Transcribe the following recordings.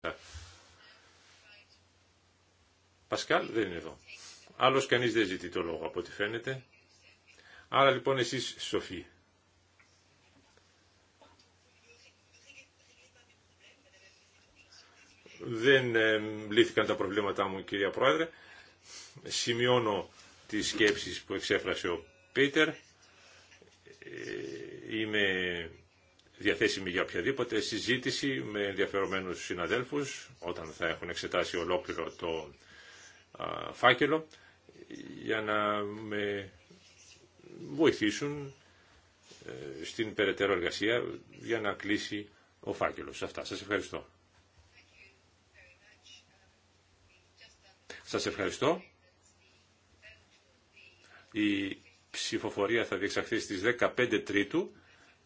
Ε. Πασκάλ δεν είναι εδώ. Άλλος κανείς δεν ζητεί το λόγο από ό,τι φαίνεται. Άρα λοιπόν εσείς Σοφή. Δεν ε, λύθηκαν τα προβλήματά μου κυρία Πρόεδρε. Σημειώνω τις σκέψεις που εξέφρασε ο Πίτερ. Ε, είμαι διαθέσιμη για οποιαδήποτε συζήτηση με ενδιαφερομένους συναδέλφους όταν θα έχουν εξετάσει ολόκληρο το φάκελο για να με βοηθήσουν ε, στην περαιτέρω εργασία για να κλείσει ο φάκελος. Αυτά. Σας ευχαριστώ. Σας ευχαριστώ. Η ψηφοφορία θα διεξαχθεί στις 15 Τρίτου.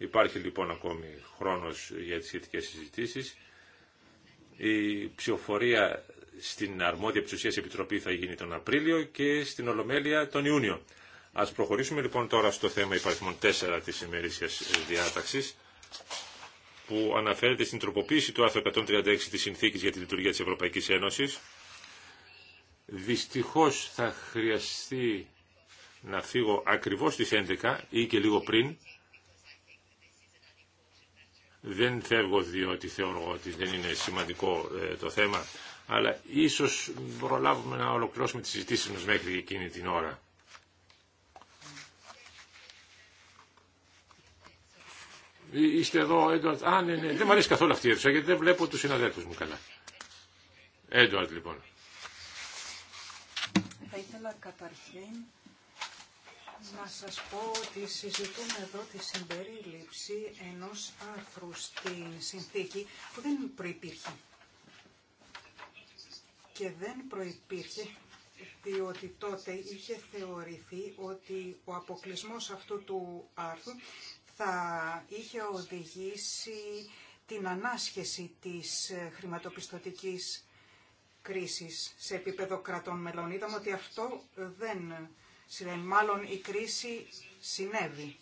Υπάρχει λοιπόν ακόμη χρόνος για τις σχετικές συζητήσεις. Η ψηφοφορία στην αρμόδια ψηφιακή επιτροπή θα γίνει τον Απρίλιο και στην Ολομέλεια τον Ιούνιο. Ας προχωρήσουμε λοιπόν τώρα στο θέμα υπαριθμών 4 της ημερήσιας διάταξης που αναφέρεται στην τροποποίηση του άρθρου 136 της Συνθήκης για τη Λειτουργία της Ευρωπαϊκής Ένωσης. Δυστυχώς θα χρειαστεί να φύγω ακριβώς στις 11 ή και λίγο πριν δεν φεύγω διότι θεωρώ ότι δεν είναι σημαντικό ε, το θέμα, αλλά ίσως προλάβουμε να ολοκληρώσουμε τις συζητήσεις μας μέχρι εκείνη την ώρα. Ε, είστε εδώ, Έντουαρτ. Α, ναι, ναι. Δεν μου αρέσει καθόλου αυτή η αίθουσα γιατί δεν βλέπω τους συναδέλφους μου καλά. Έντουαρτ, λοιπόν. Θα ήθελα καταρχήν να σας πω ότι συζητούμε εδώ τη συμπερίληψη ενός άρθρου στην συνθήκη που δεν προϋπήρχε. Και δεν προϋπήρχε διότι τότε είχε θεωρηθεί ότι ο αποκλεισμός αυτού του άρθρου θα είχε οδηγήσει την ανάσχεση της χρηματοπιστωτικής κρίσης σε επίπεδο κρατών μελών. Είδαμε ότι αυτό δεν μάλλον η κρίση συνέβη.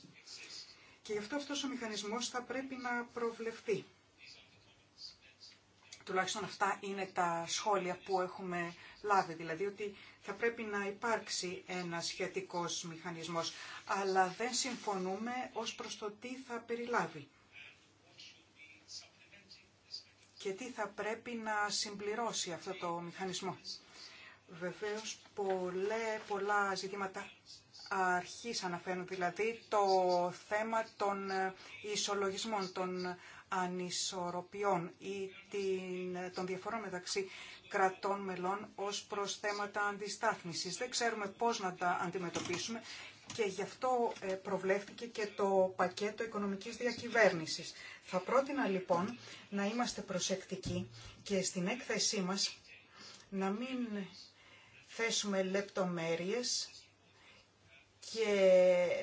Και γι' αυτό αυτός ο μηχανισμός θα πρέπει να προβλεφθεί. Τουλάχιστον αυτά είναι τα σχόλια που έχουμε λάβει, δηλαδή ότι θα πρέπει να υπάρξει ένα σχετικός μηχανισμός, αλλά δεν συμφωνούμε ως προς το τι θα περιλάβει και τι θα πρέπει να συμπληρώσει αυτό το μηχανισμό. Βεβαίως πολλέ, πολλά ζητήματα αρχής αναφέρουν, δηλαδή το θέμα των ε, ισολογισμών, των ανισορροπιών ή την, των διαφορών μεταξύ κρατών μελών ως προς θέματα αντιστάθμισης. Δεν ξέρουμε πώς να τα αντιμετωπίσουμε και γι' αυτό ε, προβλέφθηκε και το πακέτο οικονομικής διακυβέρνησης. Θα πρότεινα λοιπόν να είμαστε προσεκτικοί και στην έκθεσή μας να μην θέσουμε λεπτομέρειες και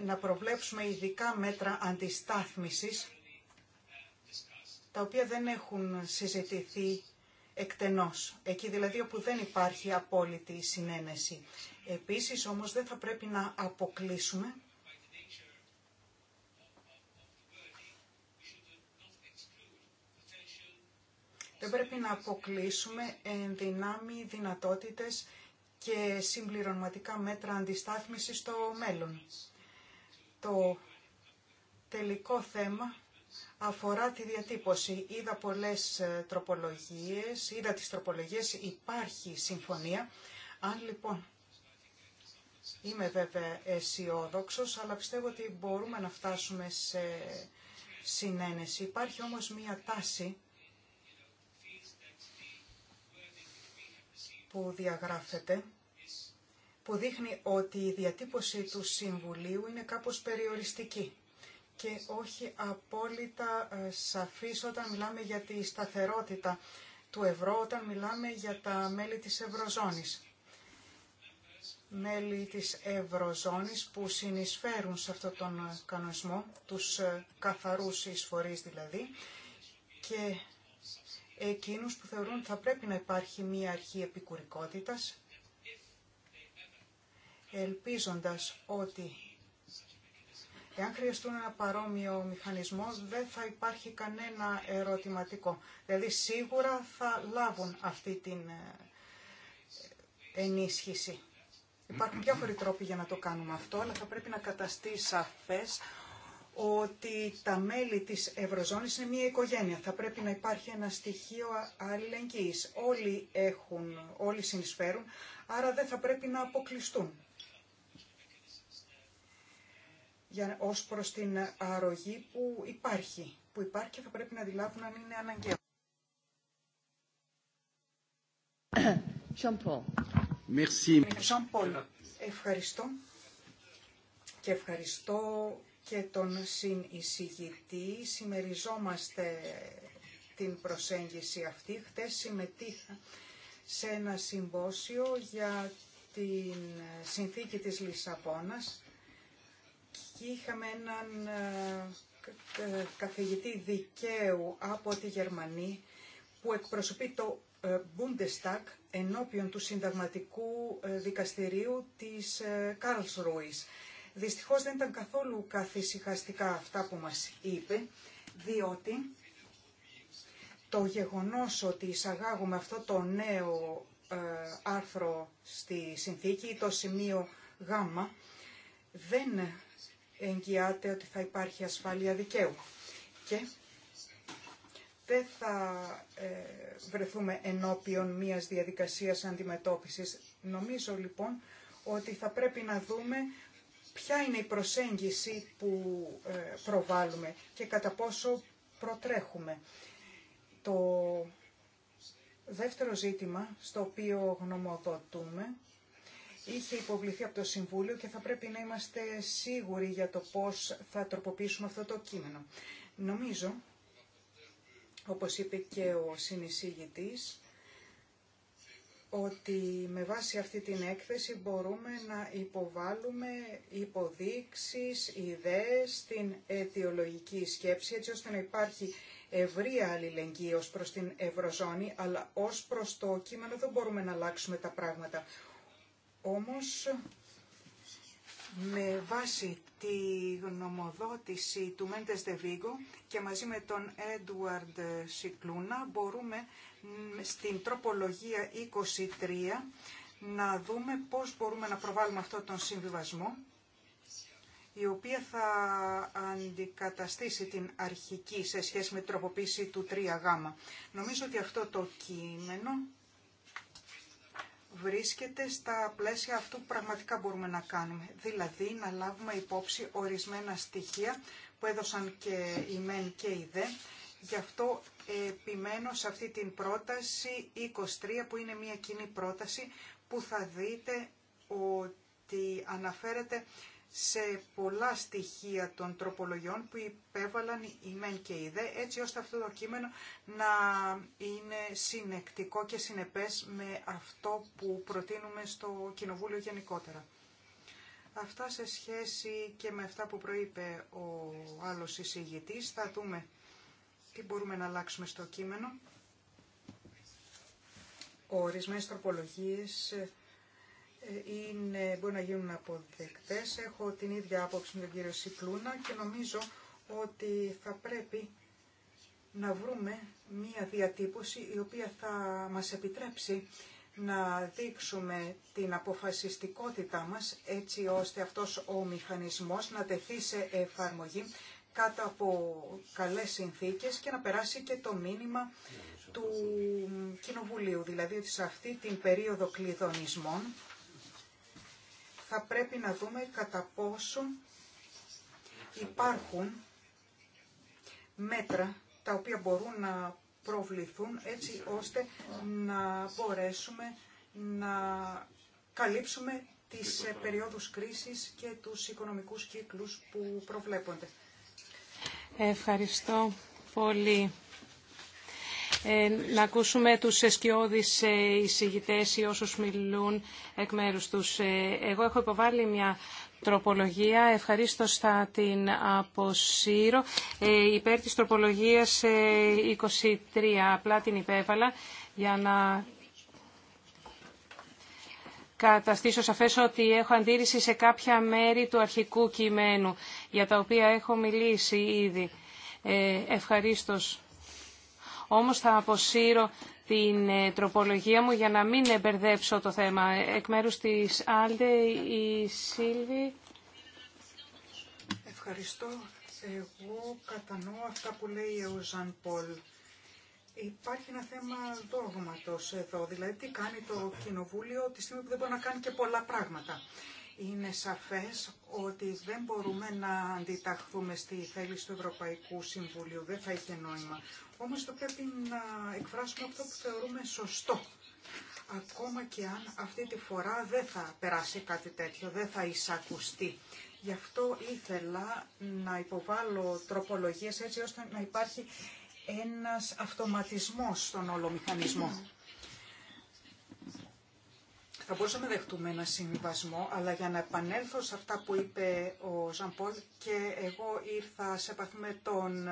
να προβλέψουμε ειδικά μέτρα αντιστάθμισης, τα οποία δεν έχουν συζητηθεί εκτενώς, εκεί δηλαδή όπου δεν υπάρχει απόλυτη συνένεση. Επίσης όμως δεν θα πρέπει να αποκλείσουμε Δεν πρέπει να αποκλείσουμε δυνατότητες και συμπληρωματικά μέτρα αντιστάθμισης στο μέλλον. Το τελικό θέμα αφορά τη διατύπωση. Είδα πολλές ε, τροπολογίες, είδα τις τροπολογίες, υπάρχει συμφωνία. Αν λοιπόν είμαι βέβαια αισιόδοξο, αλλά πιστεύω ότι μπορούμε να φτάσουμε σε συνένεση. Υπάρχει όμως μία τάση που διαγράφεται, που δείχνει ότι η διατύπωση του Συμβουλίου είναι κάπως περιοριστική και όχι απόλυτα ε, σαφής όταν μιλάμε για τη σταθερότητα του ευρώ, όταν μιλάμε για τα μέλη της Ευρωζώνης. Μέλη της Ευρωζώνης που συνεισφέρουν σε αυτόν τον κανονισμό, τους ε, καθαρούς εισφορείς δηλαδή, και εκείνους που θεωρούν ότι θα πρέπει να υπάρχει μία αρχή επικουρικότητας, ελπίζοντας ότι εάν χρειαστούν ένα παρόμοιο μηχανισμό δεν θα υπάρχει κανένα ερωτηματικό. Δηλαδή σίγουρα θα λάβουν αυτή την ε, ενίσχυση. Υπάρχουν διάφοροι τρόποι για να το κάνουμε αυτό, αλλά θα πρέπει να καταστεί σαφές ότι τα μέλη της Ευρωζώνης είναι μια οικογένεια. Θα πρέπει να υπάρχει ένα στοιχείο αλληλεγγύης. Όλοι έχουν, όλοι συνεισφέρουν, άρα δεν θα πρέπει να αποκλειστούν. Για, ως προς την αρρωγή που υπάρχει, που υπάρχει και θα πρέπει να αντιλάβουν αν είναι αναγκαίο. Ευχαριστώ και ευχαριστώ και τον συνεισηγητή. Συμμεριζόμαστε την προσέγγιση αυτή. Χτες συμμετείχα σε ένα συμπόσιο για την συνθήκη της Λισαβόνας και είχαμε έναν ε, ε, καθηγητή δικαίου από τη Γερμανία που εκπροσωπεί το ε, Bundestag ενώπιον του συνταγματικού δικαστηρίου της Καρλσρούης. Δυστυχώς δεν ήταν καθόλου καθησυχαστικά αυτά που μας είπε, διότι το γεγονός ότι εισαγάγουμε αυτό το νέο ε, άρθρο στη συνθήκη, το σημείο Γ, δεν εγγυάται ότι θα υπάρχει ασφάλεια δικαίου. Και δεν θα ε, βρεθούμε ενώπιον μιας διαδικασίας αντιμετώπισης. Νομίζω λοιπόν ότι θα πρέπει να δούμε ποια είναι η προσέγγιση που ε, προβάλλουμε και κατά πόσο προτρέχουμε. Το δεύτερο ζήτημα στο οποίο γνωμοδοτούμε είχε υποβληθεί από το Συμβούλιο και θα πρέπει να είμαστε σίγουροι για το πώς θα τροποποιήσουμε αυτό το κείμενο. Νομίζω, όπως είπε και ο συνεισήγητης, ότι με βάση αυτή την έκθεση μπορούμε να υποβάλουμε υποδείξεις, ιδέες στην αιτιολογική σκέψη έτσι ώστε να υπάρχει ευρία αλληλεγγύη ως προς την Ευρωζώνη αλλά ως προς το κείμενο δεν μπορούμε να αλλάξουμε τα πράγματα. Όμως με βάση τη γνωμοδότηση του Μέντες Δεβίγκο και μαζί με τον Έντουαρντ Σικλούνα μπορούμε στην τροπολογία 23 να δούμε πώς μπορούμε να προβάλλουμε αυτό τον συμβιβασμό η οποία θα αντικαταστήσει την αρχική σε σχέση με την τροποποίηση του 3Γ. Νομίζω ότι αυτό το κείμενο βρίσκεται στα πλαίσια αυτού που πραγματικά μπορούμε να κάνουμε. Δηλαδή να λάβουμε υπόψη ορισμένα στοιχεία που έδωσαν και η ΜΕΝ και η ΔΕ. Γι' αυτό επιμένω σε αυτή την πρόταση 23 που είναι μια κοινή πρόταση που θα δείτε ότι αναφέρεται σε πολλά στοιχεία των τροπολογιών που υπέβαλαν οι μεν και οι δε, έτσι ώστε αυτό το κείμενο να είναι συνεκτικό και συνεπές με αυτό που προτείνουμε στο Κοινοβούλιο γενικότερα. Αυτά σε σχέση και με αυτά που προείπε ο άλλος εισηγητής. Θα δούμε τι μπορούμε να αλλάξουμε στο κείμενο. Ορισμένες τροπολογίες ε, είναι, μπορεί να γίνουν αποδεκτές. Έχω την ίδια άποψη με τον κύριο Σικλούνα και νομίζω ότι θα πρέπει να βρούμε μία διατύπωση η οποία θα μας επιτρέψει να δείξουμε την αποφασιστικότητά μας έτσι ώστε αυτός ο μηχανισμός να τεθεί σε εφαρμογή κάτω από καλές συνθήκες και να περάσει και το μήνυμα του Κοινοβουλίου. Δηλαδή ότι σε αυτή την περίοδο κλειδονισμών θα πρέπει να δούμε κατά πόσο υπάρχουν μέτρα τα οποία μπορούν να προβληθούν έτσι ώστε να μπορέσουμε να καλύψουμε τις ε, περιόδους κρίσης και τους οικονομικούς κύκλους που προβλέπονται. Ευχαριστώ πολύ. Ε, να ακούσουμε τους ε, εισηγητές ή όσους μιλούν εκ μέρους τους. Ε, εγώ έχω υποβάλει μια τροπολογία. Ευχαρίστω θα την αποσύρω. Ε, υπέρ της τροπολογίας 23. Ε, Απλά την υπέβαλα για να καταστήσω σαφές ότι έχω αντίρρηση σε κάποια μέρη του αρχικού κειμένου για τα οποία έχω μιλήσει ήδη. Ε, όμως θα αποσύρω την ε, τροπολογία μου για να μην εμπερδέψω το θέμα. Εκ μέρους της Άλντε, η Σίλβη. Ευχαριστώ. Εγώ κατανοώ αυτά που λέει ο Ζαν Πολ. Υπάρχει ένα θέμα δόγματος εδώ, δηλαδή τι κάνει το Κοινοβούλιο τη στιγμή που δεν μπορεί να κάνει και πολλά πράγματα. Είναι σαφές ότι δεν μπορούμε να αντιταχθούμε στη θέληση του Ευρωπαϊκού Συμβουλίου. Δεν θα είχε νόημα. Όμως το πρέπει να εκφράσουμε αυτό που θεωρούμε σωστό. Ακόμα και αν αυτή τη φορά δεν θα περάσει κάτι τέτοιο, δεν θα εισακουστεί. Γι' αυτό ήθελα να υποβάλω τροπολογίες έτσι ώστε να υπάρχει ένας αυτοματισμός στον όλο μηχανισμό. Θα μπορούσαμε να δεχτούμε ένα συμβιβασμό, αλλά για να επανέλθω σε αυτά που είπε ο Ζαμπόλ και εγώ ήρθα σε επαφή με τον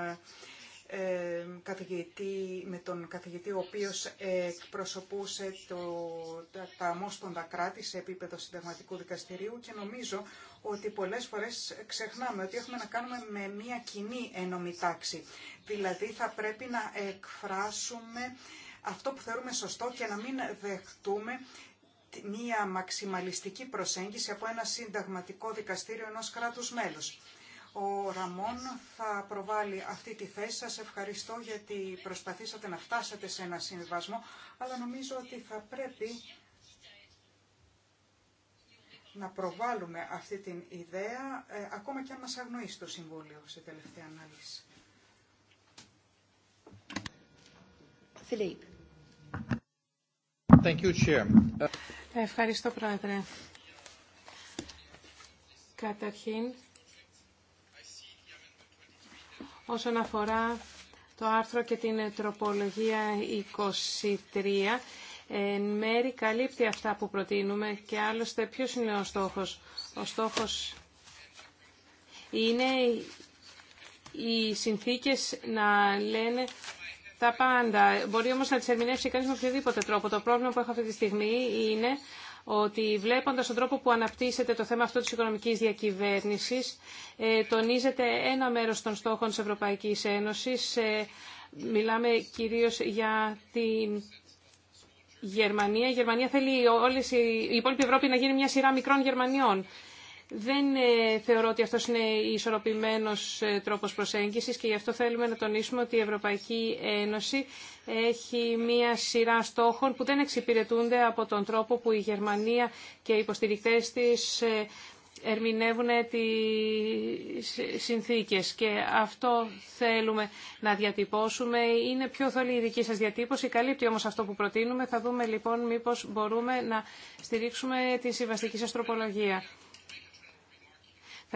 ε, καθηγητή, με τον καθηγητή ο οποίος εκπροσωπούσε το, τα, τα κράτη σε επίπεδο συνταγματικού δικαστηρίου και νομίζω ότι πολλές φορές ξεχνάμε ότι έχουμε να κάνουμε με μια κοινή ένωμη τάξη. Δηλαδή θα πρέπει να εκφράσουμε αυτό που θεωρούμε σωστό και να μην δεχτούμε μία μαξιμαλιστική προσέγγιση από ένα συνταγματικό δικαστήριο ενός κράτους μέλους. Ο Ραμόν θα προβάλλει αυτή τη θέση. Σας ευχαριστώ γιατί προσπαθήσατε να φτάσετε σε ένα συμβασμό, αλλά νομίζω ότι θα πρέπει να προβάλλουμε αυτή την ιδέα, ε, ακόμα και αν μας αγνοήσει το Συμβούλιο σε τελευταία ανάλυση. Ευχαριστώ, Πρόεδρε. Καταρχήν, όσον αφορά το άρθρο και την τροπολογία 23, εν μέρη καλύπτει αυτά που προτείνουμε και άλλωστε ποιος είναι ο στόχος. Ο στόχος είναι οι συνθήκες να λένε τα πάντα. Μπορεί όμως να τις ερμηνεύσει κανείς με οποιοδήποτε τρόπο. Το πρόβλημα που έχω αυτή τη στιγμή είναι ότι βλέποντας τον τρόπο που αναπτύσσεται το θέμα αυτό της οικονομικής διακυβέρνησης, ε, τονίζεται ένα μέρος των στόχων της Ευρωπαϊκής Ένωσης. Ε, μιλάμε κυρίως για την Γερμανία. Η Γερμανία θέλει η υπόλοιπη Ευρώπη να γίνει μια σειρά μικρών Γερμανιών. Δεν ε, θεωρώ ότι αυτός είναι ισορροπημένος ε, τρόπος προσέγγισης και γι' αυτό θέλουμε να τονίσουμε ότι η Ευρωπαϊκή Ένωση έχει μία σειρά στόχων που δεν εξυπηρετούνται από τον τρόπο που η Γερμανία και οι υποστηρικτές της ε, ερμηνεύουν τις συνθήκες και αυτό θέλουμε να διατυπώσουμε. Είναι πιο θολή η δική σας διατύπωση, καλύπτει όμως αυτό που προτείνουμε. Θα δούμε λοιπόν μήπως μπορούμε να στηρίξουμε τη συμβαστική σας τροπολογία.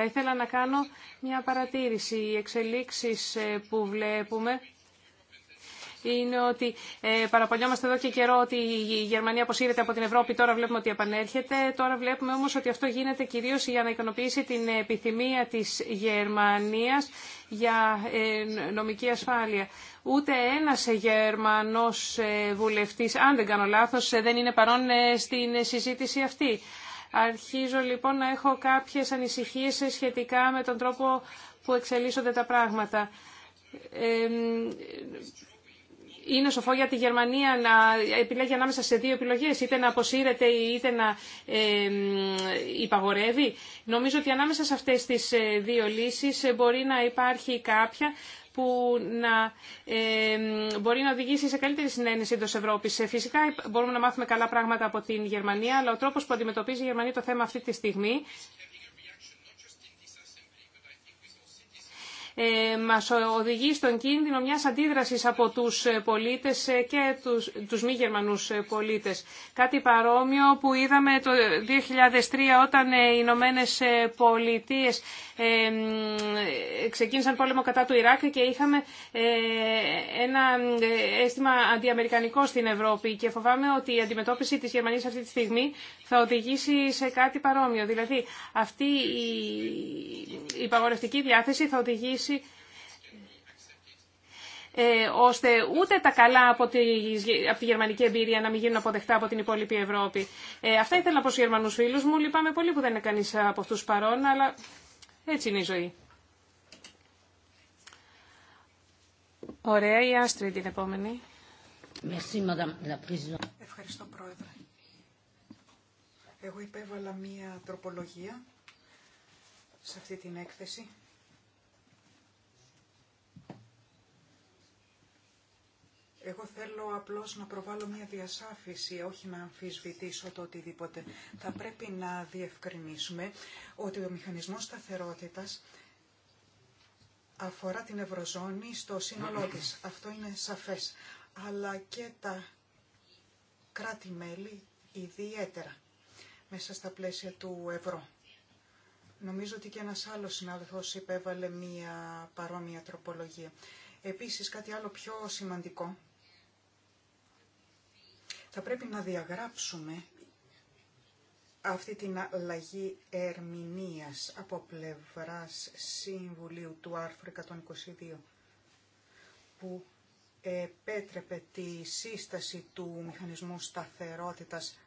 Θα ήθελα να κάνω μια παρατήρηση. Οι εξελίξεις ε, που βλέπουμε είναι ότι ε, παραπονιόμαστε εδώ και καιρό ότι η Γερμανία αποσύρεται από την Ευρώπη, τώρα βλέπουμε ότι επανέρχεται. Τώρα βλέπουμε όμως ότι αυτό γίνεται κυρίως για να ικανοποιήσει την επιθυμία της Γερμανίας για ε, νομική ασφάλεια. Ούτε ένας Γερμανός βουλευτής, αν δεν κάνω λάθος, δεν είναι παρόν στην συζήτηση αυτή. Αρχίζω λοιπόν να έχω κάποιες ανησυχίες σχετικά με τον τρόπο που εξελίσσονται τα πράγματα. Είναι σοφό για τη Γερμανία να επιλέγει ανάμεσα σε δύο επιλογές, είτε να αποσύρεται είτε να υπαγορεύει. Νομίζω ότι ανάμεσα σε αυτές τις ε, δύο λύσεις ε, μπορεί να υπάρχει κάποια που να μπορεί να οδηγήσει σε καλύτερη συνένεση εντό Ευρώπη. Ε, φυσικά μπορούμε να μάθουμε καλά πράγματα από την Γερμανία, αλλά ο τρόπο που αντιμετωπίζει η Γερμανία το θέμα αυτή τη στιγμή Ε, μας οδηγεί στον κίνδυνο μιας αντίδρασης από τους ε, πολίτες ε, και τους, τους μη Γερμανούς πολίτες. Κάτι παρόμοιο που είδαμε το 2003 όταν οι Ηνωμένε Πολιτείες ξεκίνησαν πόλεμο κατά του Ιράκ και είχαμε ένα αίσθημα αντιαμερικανικό στην Ευρώπη και φοβάμαι ότι η αντιμετώπιση της Γερμανίας αυτή τη στιγμή θα οδηγήσει σε κάτι παρόμοιο. Δηλαδή αυτή η, η διάθεση θα οδηγήσει ε, ώστε ούτε τα καλά από τη, από γερμανική εμπειρία να μην γίνουν αποδεκτά από την υπόλοιπη Ευρώπη. Ε, αυτά ήθελα από του γερμανού Γερμανούς φίλους μου. Λυπάμαι πολύ που δεν είναι κανείς από αυτούς παρόν, αλλά έτσι είναι η ζωή. Ωραία, η Άστρη την επόμενη. Ευχαριστώ, Πρόεδρε. Εγώ υπέβαλα μία τροπολογία σε αυτή την έκθεση Εγώ θέλω απλώς να προβάλλω μια διασάφηση, όχι να αμφισβητήσω το οτιδήποτε. Θα πρέπει να διευκρινίσουμε ότι ο μηχανισμός σταθερότητας αφορά την Ευρωζώνη στο σύνολό της. Αυτό είναι σαφές. Αλλά και τα κράτη-μέλη ιδιαίτερα μέσα στα πλαίσια του ευρώ. Νομίζω ότι και ένας άλλος συνάδελφος υπέβαλε μία παρόμοια τροπολογία. Επίσης κάτι άλλο πιο σημαντικό θα πρέπει να διαγράψουμε αυτή την αλλαγή ερμηνείας από πλευράς Συμβουλίου του άρθρου 122 που επέτρεπε τη σύσταση του μηχανισμού σταθερότητας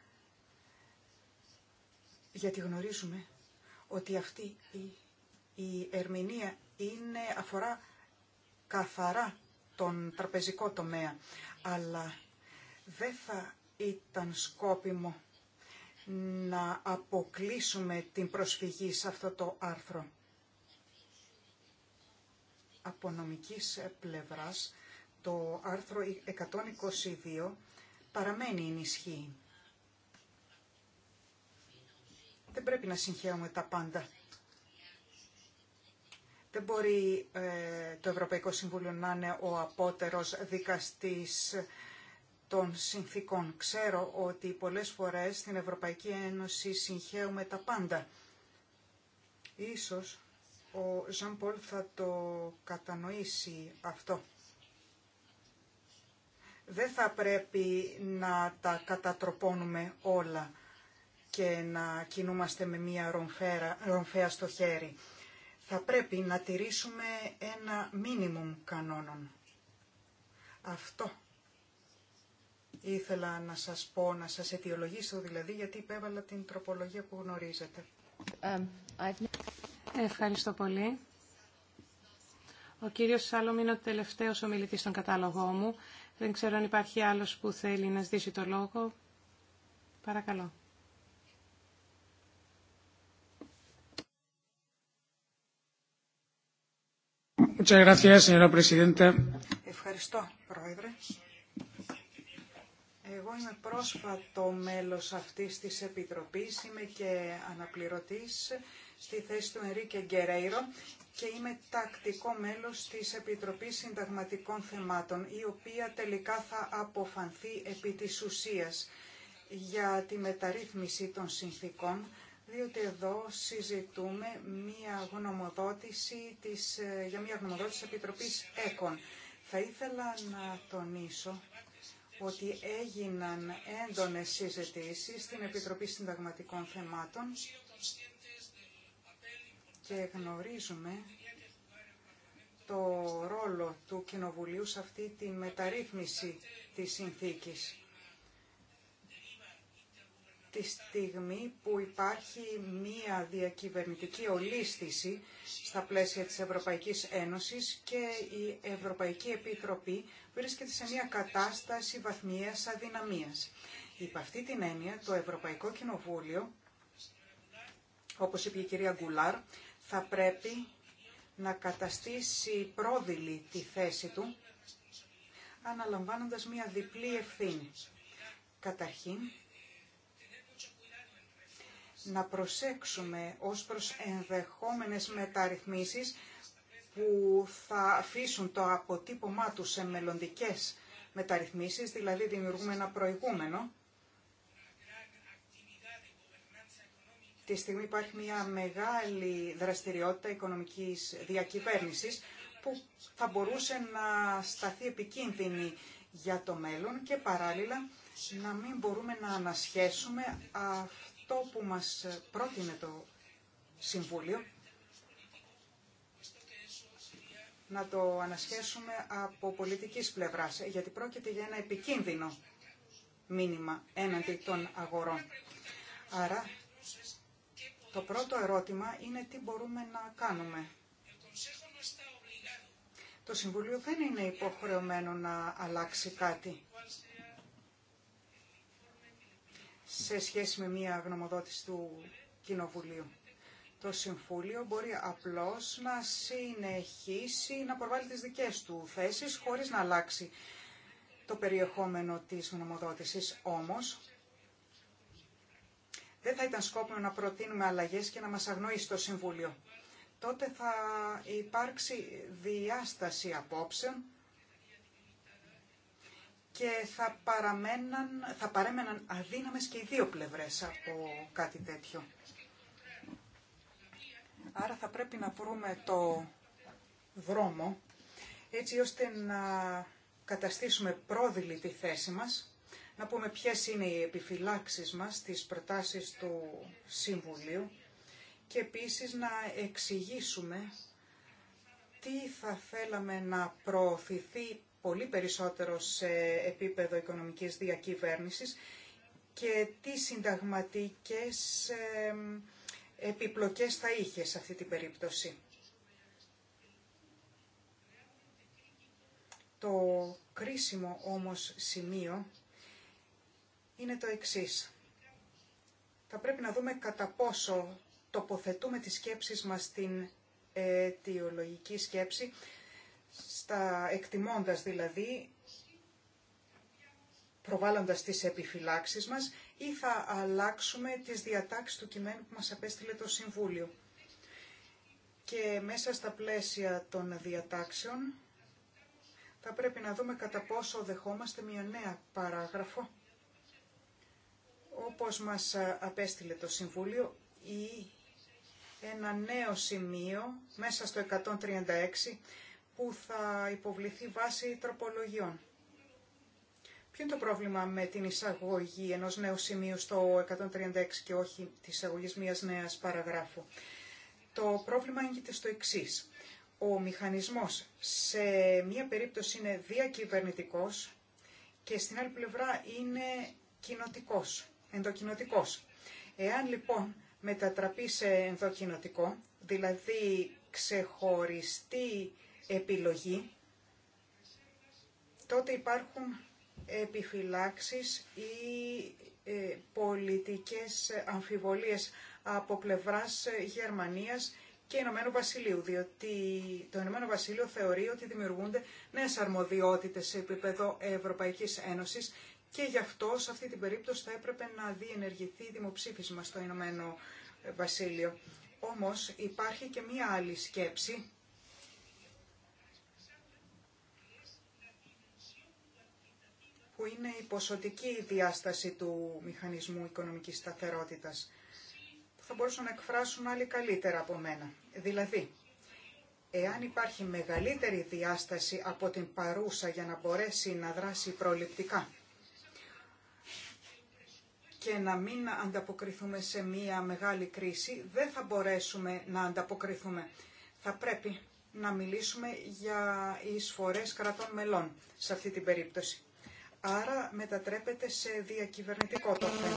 γιατί γνωρίζουμε ότι αυτή η, ερμηνεία είναι, αφορά καθαρά τον τραπεζικό τομέα αλλά δεν θα ήταν σκόπιμο να αποκλείσουμε την προσφυγή σε αυτό το άρθρο. Από νομικής πλευράς, το άρθρο 122 παραμένει ενισχύει. Δεν πρέπει να συγχαίουμε τα πάντα. Δεν μπορεί ε, το Ευρωπαϊκό Συμβούλιο να είναι ο απότερος δικαστής των συνθήκων. Ξέρω ότι πολλές φορές στην Ευρωπαϊκή Ένωση συγχαίουμε τα πάντα. Ίσως ο Ζαν Πολ θα το κατανοήσει αυτό. Δεν θα πρέπει να τα κατατροπώνουμε όλα και να κινούμαστε με μία ρομφέα στο χέρι. Θα πρέπει να τηρήσουμε ένα μίνιμουμ κανόνων. Αυτό ήθελα να σας πω, να σας αιτιολογήσω δηλαδή, γιατί υπέβαλα την τροπολογία που γνωρίζετε. Um, Ευχαριστώ πολύ. Ο κύριος Σάλλομ είναι ο τελευταίος ομιλητής στον κατάλογό μου. Δεν ξέρω αν υπάρχει άλλος που θέλει να στήσει το λόγο. Παρακαλώ. Ευχαριστώ, Πρόεδρε. Εγώ είμαι πρόσφατο μέλος αυτής της Επιτροπής, είμαι και αναπληρωτής στη θέση του Ερίκε Γκερέιρο και είμαι τακτικό μέλος της Επιτροπής Συνταγματικών Θεμάτων, η οποία τελικά θα αποφανθεί επί της ουσίας για τη μεταρρύθμιση των συνθήκων, διότι εδώ συζητούμε μια γνωμοδότηση της, ε, για μια γνωμοδότηση της Επιτροπής ΕΚΟΝ. Θα ήθελα να τονίσω ότι έγιναν έντονες συζητήσεις στην Επιτροπή Συνταγματικών Θεμάτων και γνωρίζουμε το ρόλο του Κοινοβουλίου σε αυτή τη μεταρρύθμιση της συνθήκης. Τη στιγμή που υπάρχει μία διακυβερνητική ολίσθηση στα πλαίσια της Ευρωπαϊκής Ένωσης και η Ευρωπαϊκή Επιτροπή βρίσκεται σε μια κατάσταση βαθμίας αδυναμίας. Υπ' αυτή την έννοια, το Ευρωπαϊκό Κοινοβούλιο, όπως είπε η κυρία Γκουλάρ, θα πρέπει να καταστήσει πρόδειλη τη θέση του, αναλαμβάνοντας μια διπλή ευθύνη. Καταρχήν, να προσέξουμε ως προς ενδεχόμενες μεταρρυθμίσεις που θα αφήσουν το αποτύπωμά τους σε μελλοντικές μεταρρυθμίσεις, δηλαδή δημιουργούμε ένα προηγούμενο. Τη στιγμή υπάρχει μια μεγάλη δραστηριότητα οικονομικής διακυβέρνησης που θα μπορούσε να σταθεί επικίνδυνη για το μέλλον και παράλληλα να μην μπορούμε να ανασχέσουμε αυτό που μας πρότεινε το Συμβούλιο να το ανασχέσουμε από πολιτικής πλευράς, γιατί πρόκειται για ένα επικίνδυνο μήνυμα έναντι των αγορών. Άρα, το πρώτο ερώτημα είναι τι μπορούμε να κάνουμε. Το Συμβουλίο δεν είναι υποχρεωμένο να αλλάξει κάτι σε σχέση με μία γνωμοδότηση του Κοινοβουλίου. Το Συμβούλιο μπορεί απλώς να συνεχίσει να προβάλλει τις δικές του θέσεις χωρίς να αλλάξει το περιεχόμενο της νομοδότησης. Όμως, δεν θα ήταν σκόπιμο να προτείνουμε αλλαγές και να μας αγνοήσει το Συμβούλιο. Τότε θα υπάρξει διάσταση απόψεων και θα, παραμέναν, θα παρέμεναν αδύναμες και οι δύο πλευρές από κάτι τέτοιο. Άρα θα πρέπει να βρούμε το δρόμο έτσι ώστε να καταστήσουμε πρόδειλη τη θέση μας, να πούμε ποιες είναι οι επιφυλάξεις μας στις προτάσεις του Συμβουλίου και επίσης να εξηγήσουμε τι θα θέλαμε να προωθηθεί πολύ περισσότερο σε επίπεδο οικονομικής διακυβέρνησης και τι συνταγματικές επιπλοκές θα είχε σε αυτή την περίπτωση. Το κρίσιμο όμως σημείο είναι το εξής. Θα πρέπει να δούμε κατά πόσο τοποθετούμε τις σκέψεις μας στην αιτιολογική σκέψη, στα εκτιμώντας δηλαδή προβάλλοντας τις επιφυλάξεις μας ή θα αλλάξουμε τις διατάξεις του κειμένου που μας απέστειλε το Συμβούλιο. Και μέσα στα πλαίσια των διατάξεων θα πρέπει να δούμε κατά πόσο δεχόμαστε μια νέα παράγραφο όπως μας απέστειλε το Συμβούλιο ή ένα νέο σημείο μέσα στο 136 που θα υποβληθεί βάσει τροπολογιών. Ποιο είναι το πρόβλημα με την εισαγωγή ενός νέου σημείου στο 136 και όχι της εισαγωγή μιας νέα παραγράφου. Το πρόβλημα έγκυται στο εξή. Ο μηχανισμός σε μία περίπτωση είναι διακυβερνητικό και στην άλλη πλευρά είναι κοινοτικό, ενδοκοινοτικός. Εάν λοιπόν μετατραπεί σε ενδοκοινοτικό, δηλαδή ξεχωριστή επιλογή, τότε υπάρχουν επιφυλάξεις ή ε, πολιτικές αμφιβολίες από πλευράς Γερμανίας και Ηνωμένου Βασιλείου, διότι το Ηνωμένο Βασίλειο θεωρεί ότι δημιουργούνται νέες αρμοδιότητες σε επίπεδο Ευρωπαϊκής Ένωσης και γι' αυτό σε αυτή την περίπτωση θα έπρεπε να διενεργηθεί δημοψήφισμα στο Ηνωμένο Βασίλειο. Όμως υπάρχει και μία άλλη σκέψη που είναι η ποσοτική διάσταση του μηχανισμού οικονομικής σταθερότητας, που θα μπορούσαν να εκφράσουν άλλοι καλύτερα από μένα. Δηλαδή, εάν υπάρχει μεγαλύτερη διάσταση από την παρούσα για να μπορέσει να δράσει προληπτικά και να μην ανταποκριθούμε σε μία μεγάλη κρίση, δεν θα μπορέσουμε να ανταποκριθούμε. Θα πρέπει να μιλήσουμε για εισφορές κρατών μελών σε αυτή την περίπτωση. Άρα μετατρέπεται σε διακυβερνητικό το θέμα.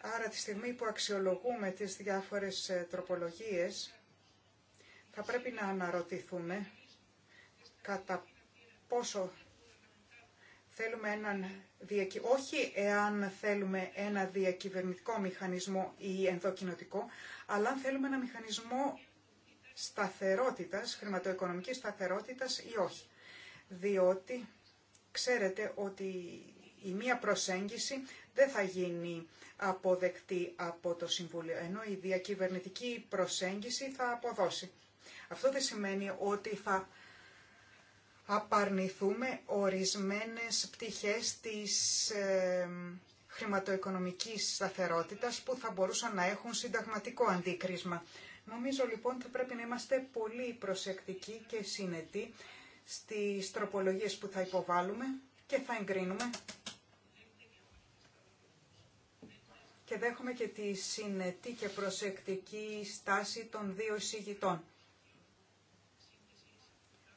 Άρα τη στιγμή που αξιολογούμε τις διάφορες ε, τροπολογίες, θα πρέπει να αναρωτηθούμε κατά πόσο θέλουμε έναν διακυ... όχι εάν θέλουμε ένα διακυβερνητικό μηχανισμό ή ενδοκινοτικό, αλλά αν θέλουμε ένα μηχανισμό σταθερότητας, χρηματοοικονομικής σταθερότητας ή όχι. Διότι ξέρετε ότι η μία προσέγγιση δεν θα γίνει αποδεκτή από το Συμβούλιο, ενώ η διακυβερνητική προσέγγιση θα αποδώσει. Αυτό δεν σημαίνει ότι θα απαρνηθούμε ορισμένες πτυχές της ε, χρηματοοικονομικής σταθερότητας που θα μπορούσαν να έχουν συνταγματικό αντίκρισμα. Νομίζω λοιπόν ότι πρέπει να είμαστε πολύ προσεκτικοί και συνετοί στις τροπολογίες που θα υποβάλουμε και θα εγκρίνουμε. Και δέχομαι και τη συνετή και προσεκτική στάση των δύο εισηγητών.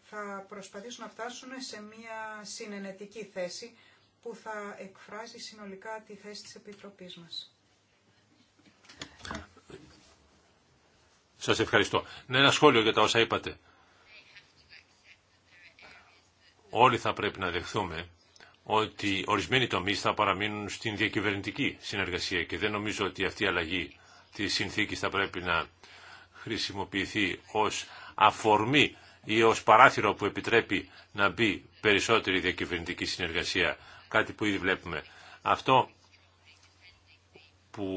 Θα προσπαθήσουν να φτάσουν σε μια συνενετική θέση που θα εκφράζει συνολικά τη θέση της Επιτροπής μας. Σας ευχαριστώ. Ναι, ένα σχόλιο για τα όσα είπατε. Όλοι θα πρέπει να δεχθούμε ότι ορισμένοι τομεί θα παραμείνουν στην διακυβερνητική συνεργασία και δεν νομίζω ότι αυτή η αλλαγή τη συνθήκη θα πρέπει να χρησιμοποιηθεί ως αφορμή ή ως παράθυρο που επιτρέπει να μπει περισσότερη διακυβερνητική συνεργασία, κάτι που ήδη βλέπουμε. Αυτό που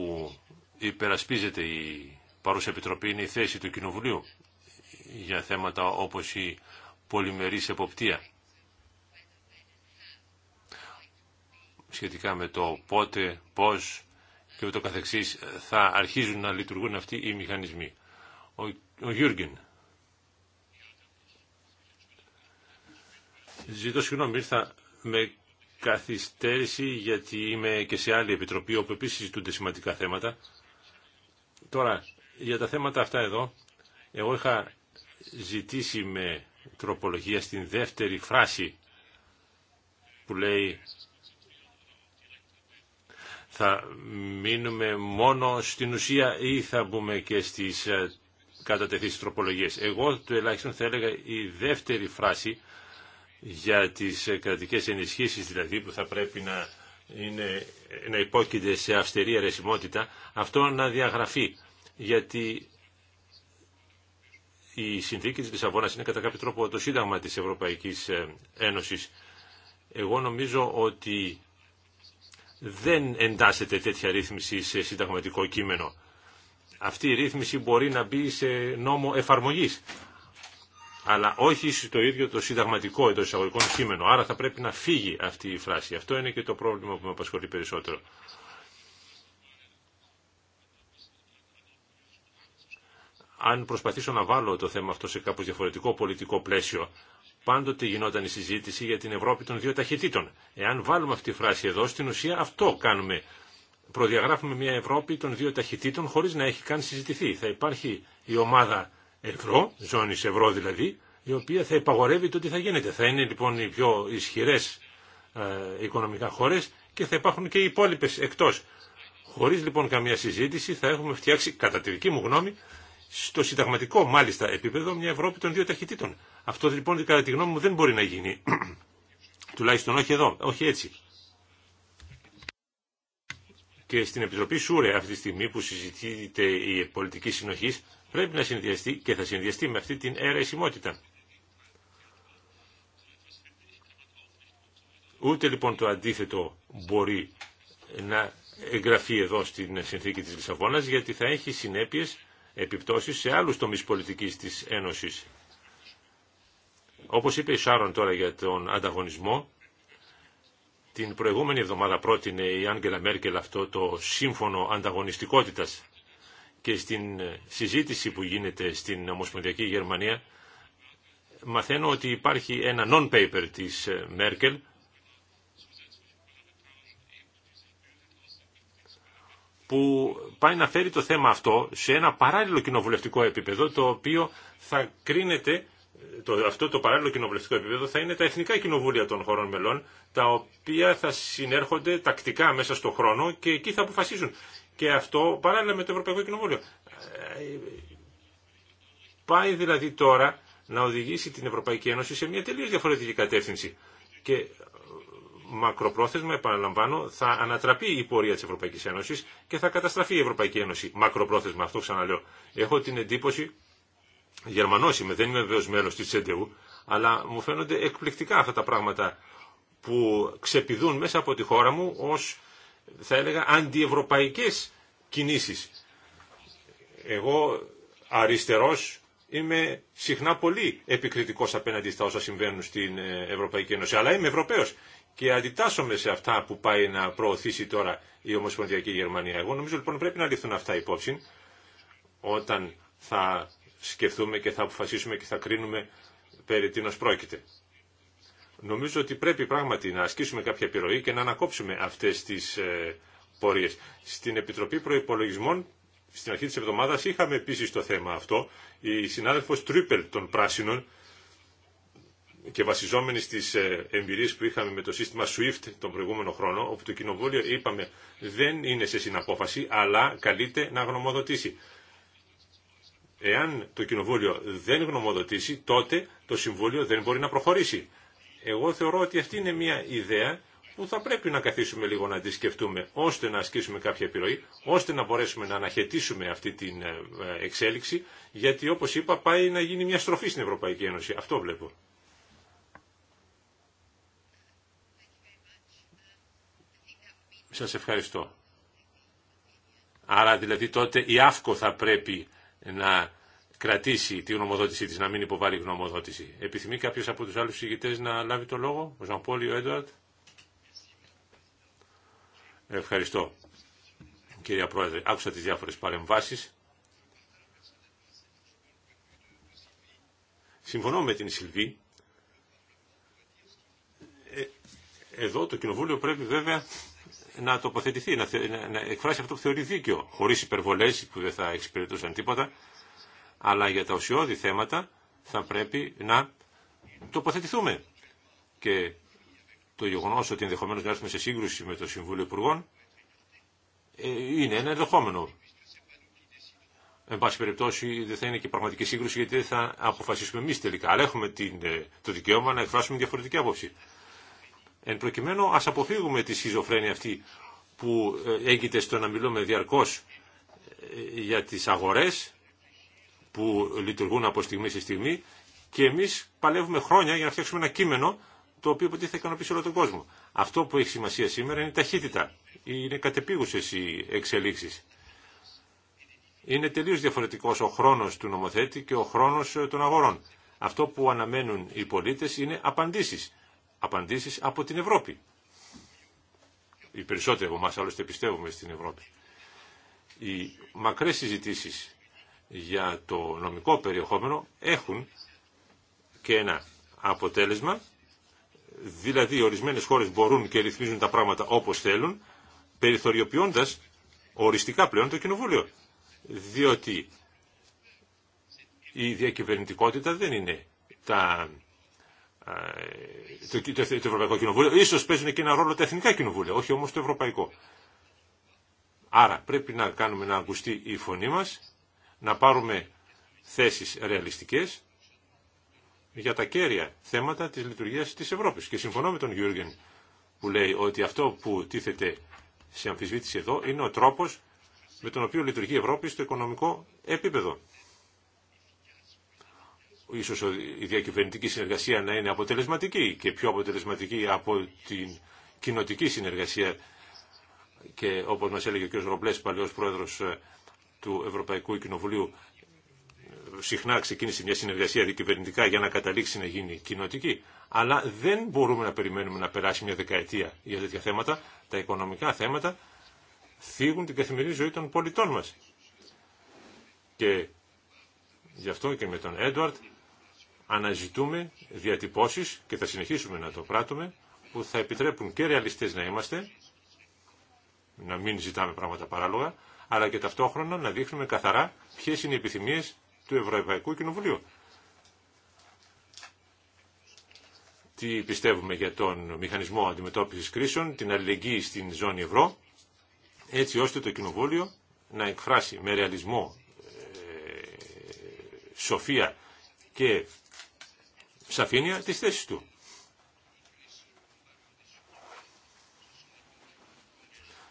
υπερασπίζεται η παρούσα επιτροπή είναι η θέση του Κοινοβουλίου για θέματα όπως η πολυμερής εποπτεία. Σχετικά με το πότε, πώς και ούτω καθεξής θα αρχίζουν να λειτουργούν αυτοί οι μηχανισμοί. Ο, ο Ζητώ συγγνώμη, ήρθα με καθυστέρηση γιατί είμαι και σε άλλη επιτροπή όπου επίσης συζητούνται σημαντικά θέματα. Τώρα, για τα θέματα αυτά εδώ, εγώ είχα ζητήσει με τροπολογία στην δεύτερη φράση που λέει θα μείνουμε μόνο στην ουσία ή θα μπούμε και στις ε, κατατεθείς τροπολογίες. Εγώ του ελάχιστον θα έλεγα η δεύτερη φράση για τις ε, κρατικές ενισχύσεις δηλαδή που θα πρέπει να, είναι, να υπόκειται σε αυστερή αρεσιμότητα αυτό να διαγραφεί γιατί η συνθήκη της Λισαβόνας είναι κατά κάποιο τρόπο το σύνταγμα της Ευρωπαϊκής ε, Ένωσης. Εγώ νομίζω ότι δεν εντάσσεται τέτοια ρύθμιση σε συνταγματικό κείμενο. Αυτή η ρύθμιση μπορεί να μπει σε νόμο εφαρμογής, αλλά όχι στο ίδιο το συνταγματικό το εισαγωγικών κείμενο. Άρα θα πρέπει να φύγει αυτή η φράση. Αυτό είναι και το πρόβλημα που με απασχολεί περισσότερο. αν προσπαθήσω να βάλω το θέμα αυτό σε κάπως διαφορετικό πολιτικό πλαίσιο, πάντοτε γινόταν η συζήτηση για την Ευρώπη των δύο ταχυτήτων. Εάν βάλουμε αυτή τη φράση εδώ, στην ουσία αυτό κάνουμε. Προδιαγράφουμε μια Ευρώπη των δύο ταχυτήτων χωρίς να έχει καν συζητηθεί. Θα υπάρχει η ομάδα ευρώ, ζώνη ευρώ δηλαδή, η οποία θα υπαγορεύει το τι θα γίνεται. Θα είναι λοιπόν οι πιο ισχυρέ ε, οικονομικά χώρε και θα υπάρχουν και οι υπόλοιπε εκτό. Χωρί λοιπόν καμία συζήτηση θα έχουμε φτιάξει, κατά τη δική μου γνώμη, στο συνταγματικό μάλιστα επίπεδο μια Ευρώπη των δύο ταχυτήτων. Αυτό λοιπόν κατά τη γνώμη μου δεν μπορεί να γίνει. Τουλάχιστον όχι εδώ, όχι έτσι. Και στην Επιτροπή Σούρε αυτή τη στιγμή που συζητείται η πολιτική συνοχή πρέπει να συνδυαστεί και θα συνδυαστεί με αυτή την αιρεσιμότητα. Ούτε λοιπόν το αντίθετο μπορεί να εγγραφεί εδώ στην συνθήκη της Λισαβόνας γιατί θα έχει συνέπειες επιπτώσεις σε άλλους τομείς πολιτικής της Ένωσης. Όπως είπε η Σάρον τώρα για τον ανταγωνισμό, την προηγούμενη εβδομάδα πρότεινε η Άγγελα Μέρκελ αυτό το σύμφωνο ανταγωνιστικότητας και στην συζήτηση που γίνεται στην Ομοσπονδιακή Γερμανία μαθαίνω ότι υπάρχει ένα non-paper της Μέρκελ που πάει να φέρει το θέμα αυτό σε ένα παράλληλο κοινοβουλευτικό επίπεδο, το οποίο θα κρίνεται, το, αυτό το παράλληλο κοινοβουλευτικό επίπεδο θα είναι τα εθνικά κοινοβούλια των χωρών μελών, τα οποία θα συνέρχονται τακτικά μέσα στο χρόνο και εκεί θα αποφασίζουν. Και αυτό παράλληλα με το Ευρωπαϊκό Κοινοβούλιο. Πάει δηλαδή τώρα να οδηγήσει την Ευρωπαϊκή Ένωση σε μια τελείως διαφορετική κατεύθυνση. Και μακροπρόθεσμα, επαναλαμβάνω, θα ανατραπεί η πορεία της Ευρωπαϊκής Ένωσης και θα καταστραφεί η Ευρωπαϊκή Ένωση. Μακροπρόθεσμα, αυτό ξαναλέω. Έχω την εντύπωση, Γερμανός είμαι, δεν είμαι βεβαίως μέλος της ΣΕΝΤΕΟΥ, αλλά μου φαίνονται εκπληκτικά αυτά τα πράγματα που ξεπηδούν μέσα από τη χώρα μου ως, θα έλεγα, αντιευρωπαϊκές κινήσεις. Εγώ αριστερός είμαι συχνά πολύ επικριτικός απέναντι στα όσα συμβαίνουν στην ε, Ευρωπαϊκή Ένωση, αλλά είμαι Ευρωπαίος και αντιτάσσομαι σε αυτά που πάει να προωθήσει τώρα η Ομοσπονδιακή Γερμανία. Εγώ νομίζω λοιπόν πρέπει να ληφθούν αυτά υπόψη όταν θα σκεφτούμε και θα αποφασίσουμε και θα κρίνουμε περί τίνος πρόκειται. Νομίζω ότι πρέπει πράγματι να ασκήσουμε κάποια επιρροή και να ανακόψουμε αυτές τις ε, πορείες. Στην Επιτροπή Προϋπολογισμών στην αρχή της εβδομάδας είχαμε επίσης το θέμα αυτό. Η συνάδελφος Τρίπελ των Πράσινων και βασιζόμενοι στι ε, εμπειρίες που είχαμε με το σύστημα SWIFT τον προηγούμενο χρόνο, όπου το κοινοβούλιο είπαμε δεν είναι σε συναπόφαση, αλλά καλείται να γνωμοδοτήσει. Εάν το κοινοβούλιο δεν γνωμοδοτήσει, τότε το Συμβούλιο δεν μπορεί να προχωρήσει. Εγώ θεωρώ ότι αυτή είναι μια ιδέα που θα πρέπει να καθίσουμε λίγο να τη σκεφτούμε, ώστε να ασκήσουμε κάποια επιρροή, ώστε να μπορέσουμε να αναχαιτήσουμε αυτή την ε, ε, εξέλιξη, γιατί όπως είπα πάει να γίνει μια στροφή στην Ευρωπαϊκή Ένωση. Αυτό βλέπω. Σας ευχαριστώ. Άρα δηλαδή τότε η ΑΦΚΟ θα πρέπει να κρατήσει τη γνωμοδότησή της, να μην υποβάλει γνωμοδότηση. Επιθυμεί κάποιος από τους άλλους συγητές να λάβει το λόγο, ο Ζαμπόλιο ο Έντουαρτ. Ευχαριστώ, κυρία Πρόεδρε. Άκουσα τις διάφορες παρεμβάσεις. Συμφωνώ με την Σιλβή. Ε, εδώ το Κοινοβούλιο πρέπει βέβαια να τοποθετηθεί, να, να εκφράσει αυτό που θεωρεί δίκαιο, χωρίς υπερβολές που δεν θα εξυπηρετούσαν τίποτα, αλλά για τα ουσιώδη θέματα θα πρέπει να τοποθετηθούμε. Και το γεγονός ότι ενδεχομένως να έρθουμε σε σύγκρουση με το Συμβούλιο Υπουργών ε, είναι ένα ενδεχόμενο. Εν πάση περιπτώσει δεν θα είναι και πραγματική σύγκρουση γιατί δεν θα αποφασίσουμε εμεί τελικά. Αλλά έχουμε την, ε, το δικαίωμα να εκφράσουμε διαφορετική άποψη. Εν προκειμένου ας αποφύγουμε τη σχιζοφρένεια αυτή που ε, έγκυται στο να μιλούμε διαρκώς ε, για τις αγορές που λειτουργούν από στιγμή σε στιγμή και εμείς παλεύουμε χρόνια για να φτιάξουμε ένα κείμενο το οποίο ποτέ θα ικανοποιήσει όλο τον κόσμο. Αυτό που έχει σημασία σήμερα είναι η ταχύτητα. Είναι κατεπίγουσες οι εξελίξεις. Είναι τελείως διαφορετικός ο χρόνος του νομοθέτη και ο χρόνος των αγορών. Αυτό που αναμένουν οι πολίτες είναι απαντήσεις απαντήσεις από την Ευρώπη. Οι περισσότεροι από εμάς άλλωστε πιστεύουμε στην Ευρώπη. Οι μακρές συζητήσεις για το νομικό περιεχόμενο έχουν και ένα αποτέλεσμα, δηλαδή ορισμένες χώρες μπορούν και ρυθμίζουν τα πράγματα όπως θέλουν, περιθωριοποιώντας οριστικά πλέον το Κοινοβούλιο. Διότι η διακυβερνητικότητα δεν είναι τα ε, το, το, το Ευρωπαϊκό Κοινοβούλιο. Ίσως παίζουν και ένα ρόλο τα εθνικά κοινοβούλια, όχι όμως το Ευρωπαϊκό. Άρα πρέπει να κάνουμε να ακουστεί η φωνή μας, να πάρουμε θέσεις ρεαλιστικές για τα κέρια θέματα της λειτουργίας της Ευρώπης. Και συμφωνώ με τον Γιούργεν που λέει ότι αυτό που τίθεται σε αμφισβήτηση εδώ είναι ο τρόπος με τον οποίο λειτουργεί η Ευρώπη στο οικονομικό επίπεδο ίσως η διακυβερνητική συνεργασία να είναι αποτελεσματική και πιο αποτελεσματική από την κοινοτική συνεργασία και όπως μας έλεγε ο κ. Ρομπλές, παλαιός πρόεδρος ε, του Ευρωπαϊκού Κοινοβουλίου, συχνά ξεκίνησε μια συνεργασία διακυβερνητικά για να καταλήξει να γίνει κοινοτική. Αλλά δεν μπορούμε να περιμένουμε να περάσει μια δεκαετία για τέτοια θέματα. Τα οικονομικά θέματα θίγουν την καθημερινή ζωή των πολιτών μας. Και γι' αυτό και με τον Έντουαρτ αναζητούμε διατυπώσεις και θα συνεχίσουμε να το πράττουμε που θα επιτρέπουν και ρεαλιστές να είμαστε, να μην ζητάμε πράγματα παράλογα, αλλά και ταυτόχρονα να δείχνουμε καθαρά ποιε είναι οι επιθυμίες του Ευρωπαϊκού Κοινοβουλίου. Τι πιστεύουμε για τον μηχανισμό αντιμετώπισης κρίσεων, την αλληλεγγύη στην ζώνη ευρώ, έτσι ώστε το Κοινοβούλιο να εκφράσει με ρεαλισμό, ε, σοφία και σαφήνεια τις θέσεις του.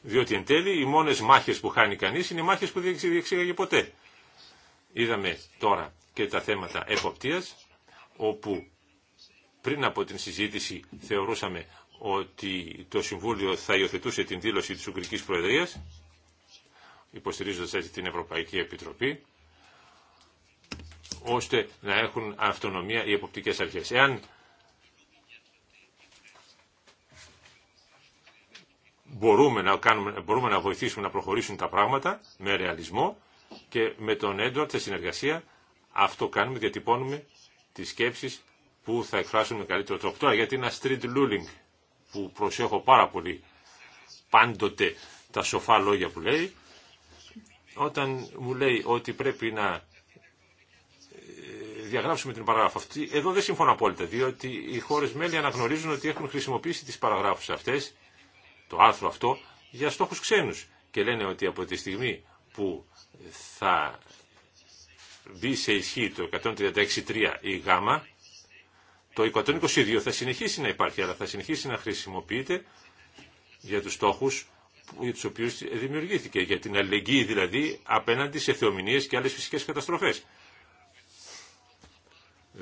Διότι εν τέλει οι μόνες μάχες που χάνει κανείς είναι οι μάχες που δεν διεξήγαγε ποτέ. Είδαμε τώρα και τα θέματα εποπτείας, όπου πριν από την συζήτηση θεωρούσαμε ότι το Συμβούλιο θα υιοθετούσε την δήλωση της Ουγγρικής Προεδρίας, υποστηρίζοντας έτσι την Ευρωπαϊκή Επιτροπή, ώστε να έχουν αυτονομία οι εποπτικές αρχές. Εάν μπορούμε να, κάνουμε, μπορούμε να βοηθήσουμε να προχωρήσουν τα πράγματα με ρεαλισμό και με τον Έντουαρτ σε συνεργασία αυτό κάνουμε, διατυπώνουμε τις σκέψεις που θα εκφράσουν με καλύτερο τρόπο. Τώρα γιατί ένα street ruling που προσέχω πάρα πολύ πάντοτε τα σοφά λόγια που λέει, όταν μου λέει ότι πρέπει να διαγράψουμε την παράγραφο αυτή. Εδώ δεν συμφωνώ απόλυτα, διότι οι χώρες μέλη αναγνωρίζουν ότι έχουν χρησιμοποιήσει τις παραγράφου αυτές, το άρθρο αυτό, για στόχους ξένους. Και λένε ότι από τη στιγμή που θα μπει σε ισχύ το 136.3 η γάμα, το 122 θα συνεχίσει να υπάρχει, αλλά θα συνεχίσει να χρησιμοποιείται για τους στόχους για τους οποίους δημιουργήθηκε, για την αλληλεγγύη δηλαδή απέναντι σε θεομηνίες και άλλες φυσικές καταστροφές.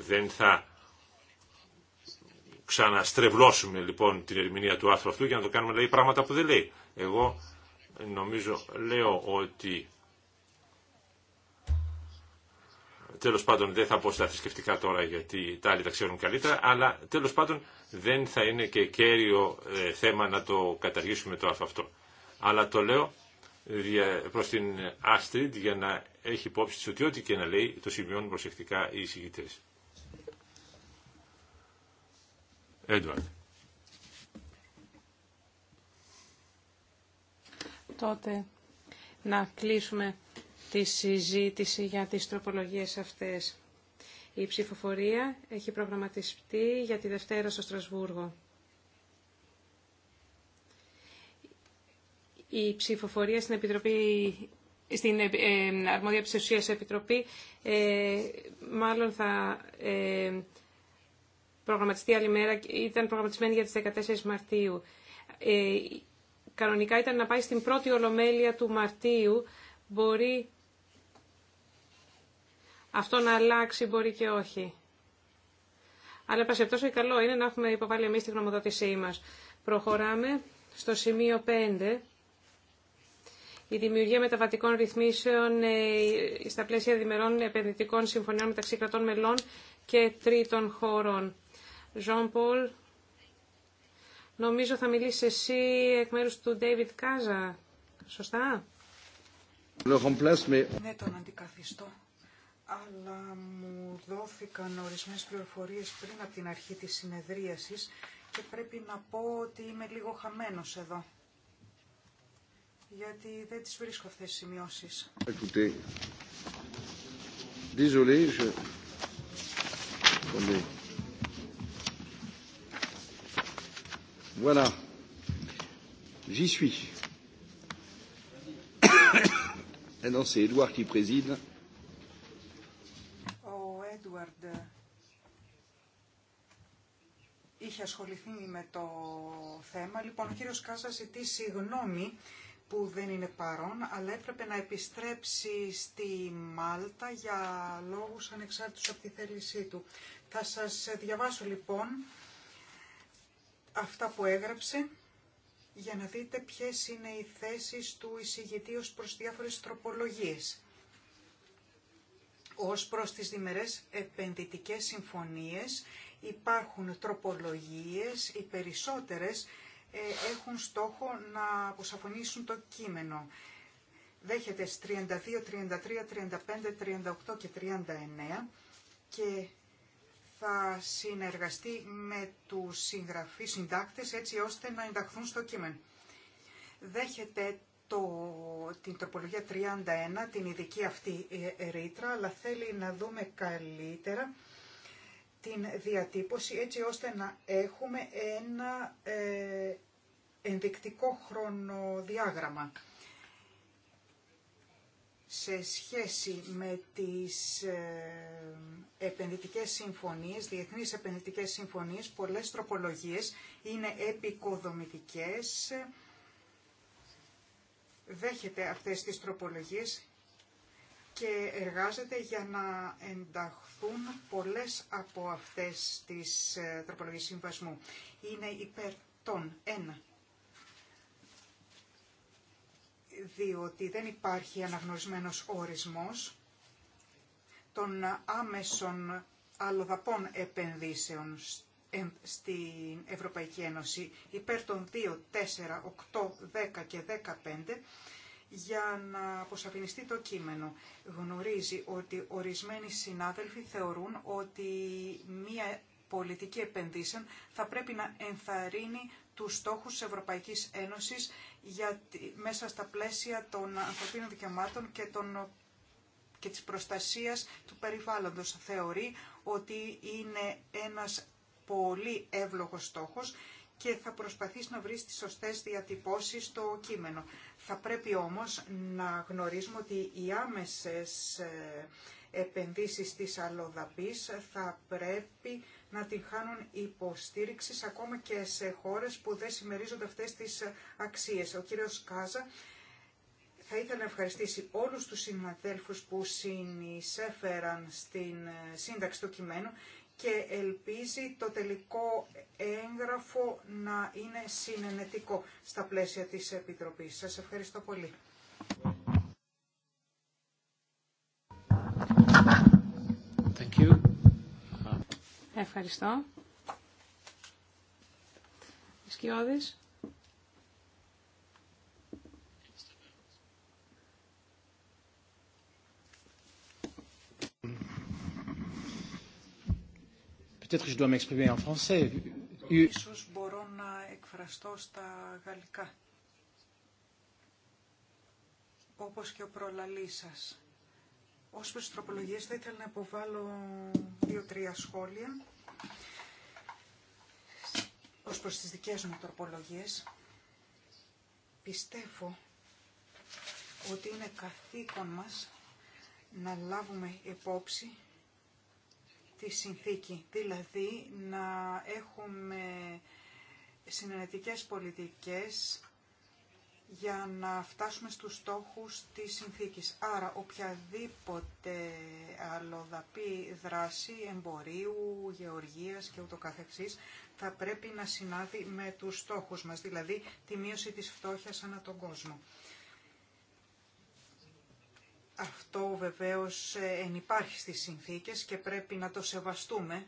Δεν θα ξαναστρεβλώσουμε λοιπόν την ερμηνεία του άρθρου αυτού για να το κάνουμε λέει πράγματα που δεν λέει. Εγώ νομίζω λέω ότι τέλος πάντων δεν θα πω στα θρησκευτικά τώρα γιατί τα άλλοι τα ξέρουν καλύτερα, αλλά τέλος πάντων δεν θα είναι και κέριο ε, θέμα να το καταργήσουμε το άρθρο αυτό. Αλλά το λέω προς την Άστριντ για να έχει υπόψη ότι ό,τι και να λέει το σημειώνουν προσεκτικά οι εισηγητές. Τότε να κλείσουμε τη συζήτηση για τις τροπολογίες αυτές. Η ψηφοφορία έχει προγραμματιστεί για τη Δευτέρα στο Στρασβούργο. Η ψηφοφορία στην Επιτροπή στην ε, ε, αρμόδια της Επιτροπή ε, μάλλον θα προγραμματιστεί άλλη μέρα, ήταν προγραμματισμένη για τις 14 Μαρτίου. Ε, κανονικά ήταν να πάει στην πρώτη ολομέλεια του Μαρτίου. Μπορεί αυτό να αλλάξει, μπορεί και όχι. Αλλά και καλό είναι να έχουμε υποβάλει εμείς τη γνωμοδότησή μας. Προχωράμε στο σημείο 5. Η δημιουργία μεταβατικών ρυθμίσεων ε, στα πλαίσια διμερών επενδυτικών συμφωνιών μεταξύ κρατών μελών και τρίτων χωρών. Ζων Πολ, νομίζω θα μιλήσει εσύ εκ μέρους του Ντέιβιτ Κάζα. Σωστά. Ναι, τον αντικαθιστώ. Αλλά μου δόθηκαν ορισμένες πληροφορίες πριν από την αρχή της συνεδρίασης και πρέπει να πω ότι είμαι λίγο χαμένος εδώ. Γιατί δεν τις βρίσκω αυτές τις σημειώσεις. Ακούτε, Désolé, Voilà. J'y suis. Et eh non, c'est Edouard qui Ο Έντουαρντ είχε ασχοληθεί με το θέμα. Λοιπόν, ο κύριος Κάσας, ζητεί συγγνώμη που δεν είναι παρόν, αλλά έπρεπε να επιστρέψει στη Μάλτα για λόγους ανεξάρτητους από τη θέλησή του. Θα σας διαβάσω λοιπόν αυτά που έγραψε για να δείτε ποιες είναι οι θέσεις του εισηγητή ως προς διάφορες τροπολογίες. Ως προς τις διμερές επενδυτικές συμφωνίες υπάρχουν τροπολογίες, οι περισσότερες ε, έχουν στόχο να αποσαφωνήσουν το κείμενο. Δέχεται 32, 33, 35, 38 και 39 και θα συνεργαστεί με τους συγγραφείς συντάκτες έτσι ώστε να ενταχθούν στο κείμενο. Δέχεται το, την τροπολογία 31, την ειδική αυτή ε, ρήτρα, αλλά θέλει να δούμε καλύτερα την διατύπωση έτσι ώστε να έχουμε ένα ε, ενδεικτικό χρονοδιάγραμμα σε σχέση με τις ε, επενδυτικές συμφωνίες, διεθνείς επενδυτικές συμφωνίες, πολλές τροπολογίες είναι επικοδομητικές. Δέχεται αυτές τις τροπολογίες και εργάζεται για να ενταχθούν πολλές από αυτές τις ε, τροπολογίες συμβασμού. Είναι υπέρ των διότι δεν υπάρχει αναγνωρισμένος ορισμός των άμεσων αλλοδαπών επενδύσεων στην Ευρωπαϊκή Ένωση υπέρ των 2, 4, 8, 10 και 15 για να αποσαφινιστεί το κείμενο. Γνωρίζει ότι ορισμένοι συνάδελφοι θεωρούν ότι μία πολιτική επενδύσεων θα πρέπει να ενθαρρύνει τους στόχους της Ευρωπαϊκής Ένωσης μέσα στα πλαίσια των ανθρωπίνων δικαιωμάτων και, των, και της προστασίας του περιβάλλοντος. Θεωρεί ότι είναι ένας πολύ εύλογος στόχος και θα προσπαθήσει να βρει τις σωστές διατυπώσεις στο κείμενο. Θα πρέπει όμως να γνωρίζουμε ότι οι άμεσες ε, επενδύσεις της αλλοδαπής θα πρέπει να την χάνουν υποστήριξη ακόμα και σε χώρες που δεν συμμερίζονται αυτές τις αξίες. Ο κύριος Κάζα θα ήθελα να ευχαριστήσει όλους τους συναδέλφους που συνεισέφεραν στην σύνταξη του κειμένου και ελπίζει το τελικό έγγραφο να είναι συνενετικό στα πλαίσια της Επιτροπής. Σας ευχαριστώ πολύ. Ευχαριστώ. Σκιώδης. Ίσως μπορώ να εκφραστώ στα γαλλικά, όπως και ο προλαλής σας. Ως προς τις τροπολογίες θα ήθελα να αποβαλω δυο δύο-τρία σχόλια ως προς τις δικές μου τροπολογίες. Πιστεύω ότι είναι καθήκον μας να λάβουμε υπόψη τη συνθήκη, δηλαδή να έχουμε συνενετικές πολιτικές για να φτάσουμε στους στόχους της συνθήκης. Άρα οποιαδήποτε αλλοδαπή δράση εμπορίου, γεωργίας και ούτω καθεξής θα πρέπει να συνάδει με τους στόχους μας, δηλαδή τη μείωση της φτώχειας ανά τον κόσμο. Αυτό βεβαίως ε, ενυπάρχει στις συνθήκες και πρέπει να το σεβαστούμε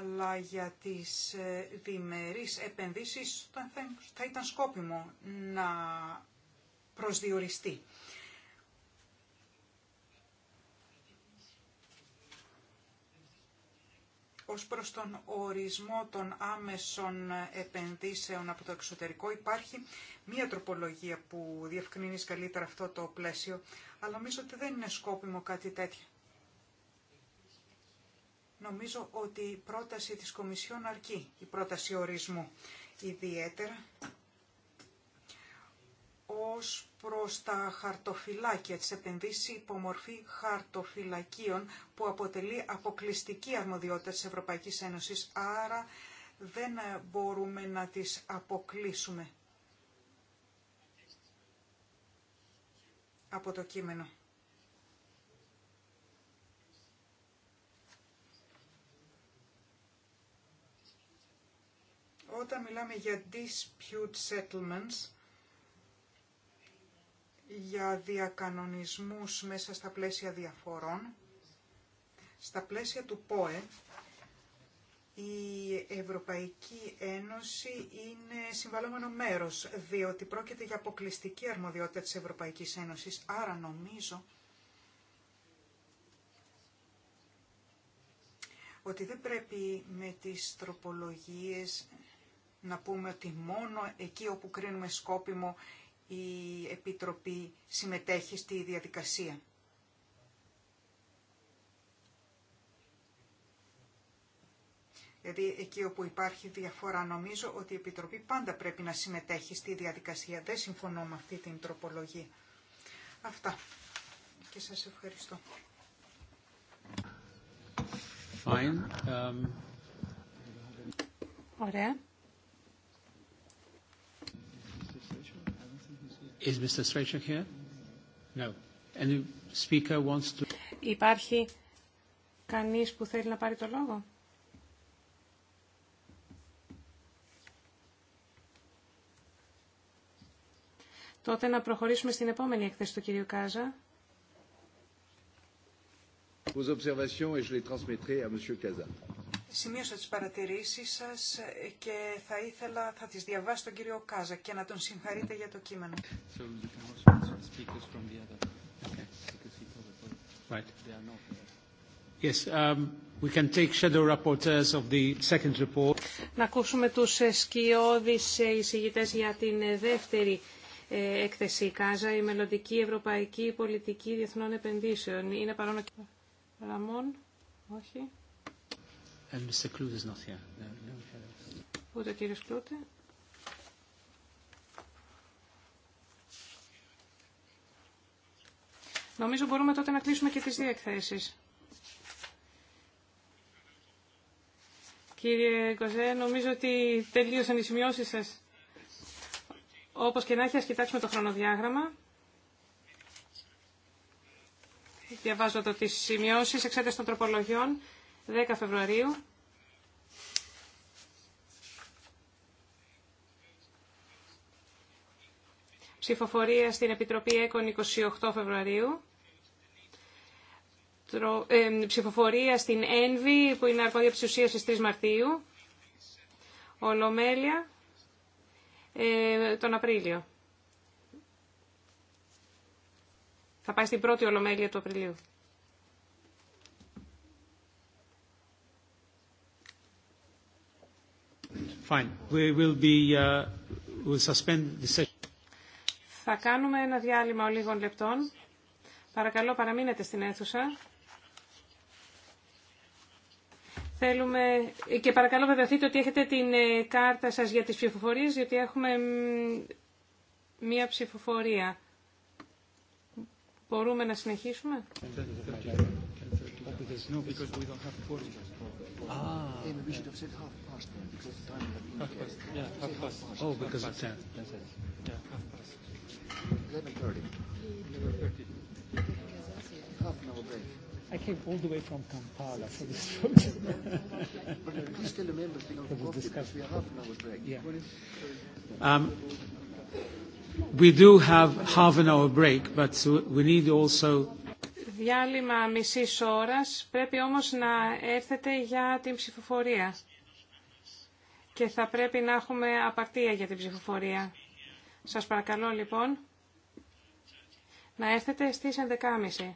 αλλά για τις ε, διμερείς επενδύσεις θα ήταν σκόπιμο να προσδιοριστεί. Ως προς τον ορισμό των άμεσων επενδύσεων από το εξωτερικό υπάρχει μία τροπολογία που διευκρινίζει καλύτερα αυτό το πλαίσιο, αλλά νομίζω ότι δεν είναι σκόπιμο κάτι τέτοιο. Νομίζω ότι η πρόταση της Κομισιόν αρκεί, η πρόταση ορισμού ιδιαίτερα ως προς τα χαρτοφυλάκια, της υπό υπομορφή χαρτοφυλακίων που αποτελεί αποκλειστική αρμοδιότητα της Ευρωπαϊκής Ένωσης, άρα δεν μπορούμε να τις αποκλείσουμε από το κείμενο. Όταν μιλάμε για dispute settlements, για διακανονισμούς μέσα στα πλαίσια διαφορών, στα πλαίσια του ΠΟΕ, η Ευρωπαϊκή Ένωση είναι συμβαλόμενο μέρος, διότι πρόκειται για αποκλειστική αρμοδιότητα της Ευρωπαϊκής Ένωσης. Άρα νομίζω ότι δεν πρέπει με τις τροπολογίες να πούμε ότι μόνο εκεί όπου κρίνουμε σκόπιμο η Επιτροπή συμμετέχει στη διαδικασία. Δηλαδή εκεί όπου υπάρχει διαφορά νομίζω ότι η Επιτροπή πάντα πρέπει να συμμετέχει στη διαδικασία. Δεν συμφωνώ με αυτή την τροπολογία. Αυτά. Και σας ευχαριστώ. Fine. Um... Ωραία. Υπάρχει κανείς που θέλει να πάρει το λόγο? Τότε να προχωρήσουμε στην επόμενη έκθεση του κυρίου Κάζα. Σημείωσα τις παρατηρήσεις σας και θα ήθελα, θα τις διαβάσω τον κύριο Κάζα και να τον συγχαρείτε για το κείμενο. Να ακούσουμε τους σκιώδεις εισηγητές για την δεύτερη ε, έκθεση Κάζα, η μελλοντική ευρωπαϊκή πολιτική διεθνών επενδύσεων. Είναι παρόν ο Ραμόν, όχι. And Ούτε ο Νομίζω μπορούμε τότε να κλείσουμε και τις δύο εκθέσεις. Κύριε Κοζέ, νομίζω ότι τελείωσαν οι σημειώσεις σας. Όπως και να έχει, ας κοιτάξουμε το χρονοδιάγραμμα. Διαβάζω το τις σημειώσεις εξέταση των τροπολογιών. 10 Φεβρουαρίου. Ψηφοφορία στην Επιτροπή ΕΚΟΝ 28 Φεβρουαρίου. Ε, ψηφοφορία στην ΕΝΒΗ που είναι αρκόδια ψηφουσία στις 3 Μαρτίου. Ολομέλεια ε, τον Απρίλιο. Θα πάει στην πρώτη Ολομέλεια του Απριλίου. Fine. We will be, uh, Θα κάνουμε ένα διάλειμμα λίγων λεπτών. Παρακαλώ παραμείνετε στην αίθουσα. Θέλουμε... Και παρακαλώ βεβαιωθείτε ότι έχετε την ε, κάρτα σας για τις ψηφοφορίες, γιατί έχουμε μία ψηφοφορία. Μπορούμε να συνεχίσουμε. Ah. Oh, because it's Yeah, half past. I came all the way from Kampala for this still remember Yeah. we do have half an hour break, but we need also διάλειμμα μισή ώρας, πρέπει όμως να έρθετε για την ψηφοφορία. Και θα πρέπει να έχουμε απαρτία για την ψηφοφορία. Σας παρακαλώ λοιπόν να έρθετε στις 11.30.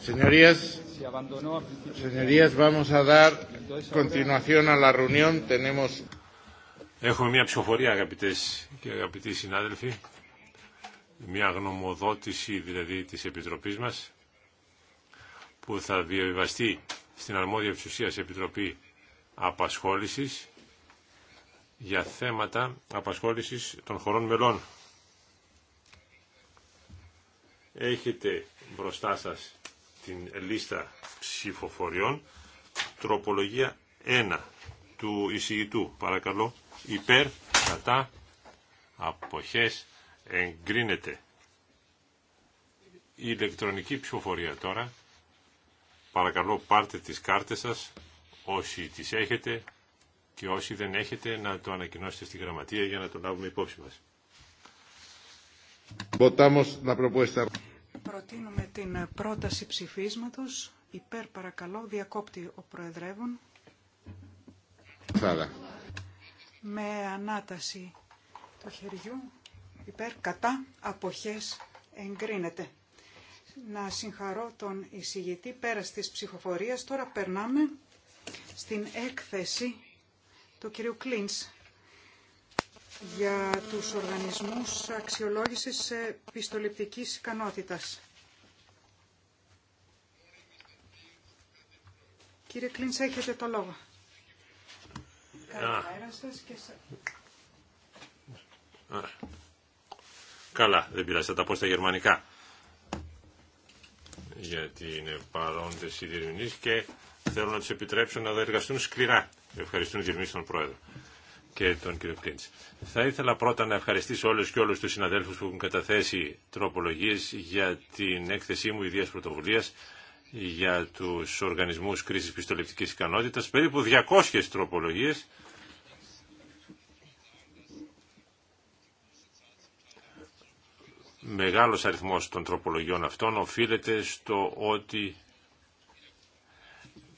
Señorías, señorías, vamos a dar continuación a la Έχουμε μια ψηφοφορία αγαπητές και αγαπητοί συνάδελφοι, μια γνωμοδότηση δηλαδή της Επιτροπής μας που θα διαβιβαστεί στην αρμόδια εξουσίας Επιτροπή Απασχόλησης για θέματα απασχόλησης των χωρών μελών. Έχετε μπροστά σας την λίστα ψηφοφοριών. Τροπολογία 1 του εισηγητού. Παρακαλώ. Υπέρ, κατά, αποχές, εγκρίνεται. Η ηλεκτρονική ψηφοφορία τώρα. Παρακαλώ πάρτε τις κάρτες σας, όσοι τις έχετε και όσοι δεν έχετε να το ανακοινώσετε στη γραμματεία για να το λάβουμε υπόψη μας. να Προτείνουμε την πρόταση ψηφίσματος. Υπέρ παρακαλώ, διακόπτη ο Προεδρεύων. Με ανάταση του χεριού, υπέρ, κατά, αποχές, εγκρίνεται. Να συγχαρώ τον εισηγητή πέρα της ψυχοφορίας. Τώρα περνάμε στην έκθεση του κυρίου Κλίντς για τους οργανισμούς αξιολόγησης πιστοληπτικής ικανότητας. Κύριε Κλίντς, έχετε το λόγο. Καλά, δεν πειράζει, θα τα πω στα γερμανικά. Γιατί είναι παρόντες οι διερμηνείς και θέλω να τους επιτρέψω να εργαστούν σκληρά. Ευχαριστούν οι διερμηνείς τον Πρόεδρο. Θα ήθελα πρώτα να ευχαριστήσω όλους και όλους τους συναδέλφους που έχουν καταθέσει τροπολογίες για την έκθεσή μου ιδίας πρωτοβουλίας για τους οργανισμούς κρίσης πιστοληπτικής ικανότητας, περίπου 200 τροπολογίες. Μεγάλος αριθμός των τροπολογιών αυτών οφείλεται στο ότι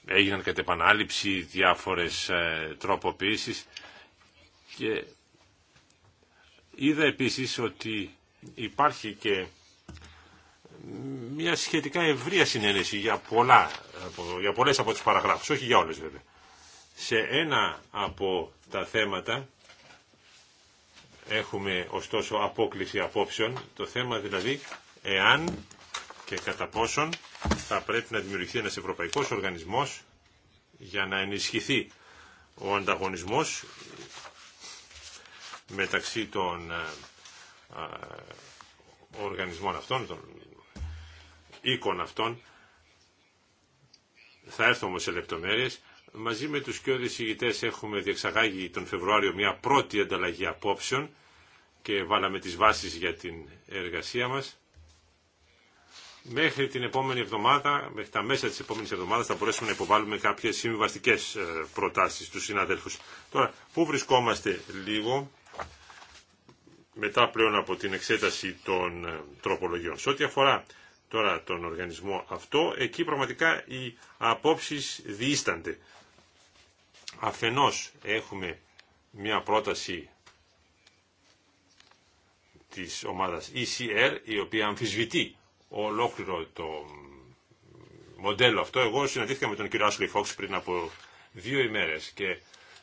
έγιναν κατ' επανάληψη διάφορες ε, τροποποιήσεις και είδα επίσης ότι υπάρχει και μια σχετικά ευρία συνένεση για, πολλά, για πολλές από τις παραγράφους, όχι για όλες βέβαια. Σε ένα από τα θέματα έχουμε ωστόσο απόκληση απόψεων, το θέμα δηλαδή εάν και κατά πόσον θα πρέπει να δημιουργηθεί ένας ευρωπαϊκός οργανισμός για να ενισχυθεί ο ανταγωνισμός μεταξύ των ε, ε, οργανισμών αυτών, των οίκων αυτών. Θα έρθω όμως σε λεπτομέρειες. Μαζί με τους και ηγητές έχουμε διεξαγάγει τον Φεβρουάριο μια πρώτη ανταλλαγή απόψεων και βάλαμε τις βάσεις για την εργασία μας. Μέχρι την επόμενη εβδομάδα, μέχρι τα μέσα της επόμενης εβδομάδας θα μπορέσουμε να υποβάλουμε κάποιες συμβιβαστικές ε, προτάσεις στους συναδέλφους. Τώρα, πού βρισκόμαστε λίγο μετά πλέον από την εξέταση των ε, τροπολογιών. Σε ό,τι αφορά τώρα τον οργανισμό αυτό, εκεί πραγματικά οι απόψεις διήστανται. Αφενός έχουμε μια πρόταση της ομάδας ECR, η οποία αμφισβητεί ολόκληρο το μοντέλο αυτό. Εγώ συναντήθηκα με τον κύριο Άσχολη Φόξ πριν από δύο ημέρες και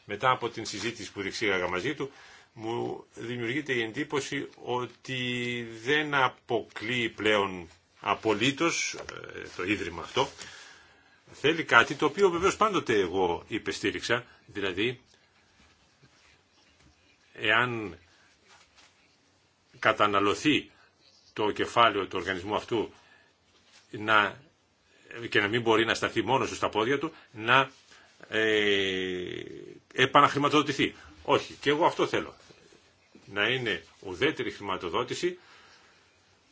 μετά από την συζήτηση που διεξήγαγα μαζί του, μου δημιουργείται η εντύπωση ότι δεν αποκλείει πλέον απολύτως ε, το Ίδρυμα αυτό. Θέλει κάτι το οποίο βεβαίως πάντοτε εγώ υπεστήριξα, δηλαδή εάν καταναλωθεί το κεφάλαιο του οργανισμού αυτού να, και να μην μπορεί να σταθεί μόνο του στα πόδια του, να ε, επαναχρηματοδοτηθεί. Όχι, και εγώ αυτό θέλω. Να είναι ουδέτερη χρηματοδότηση.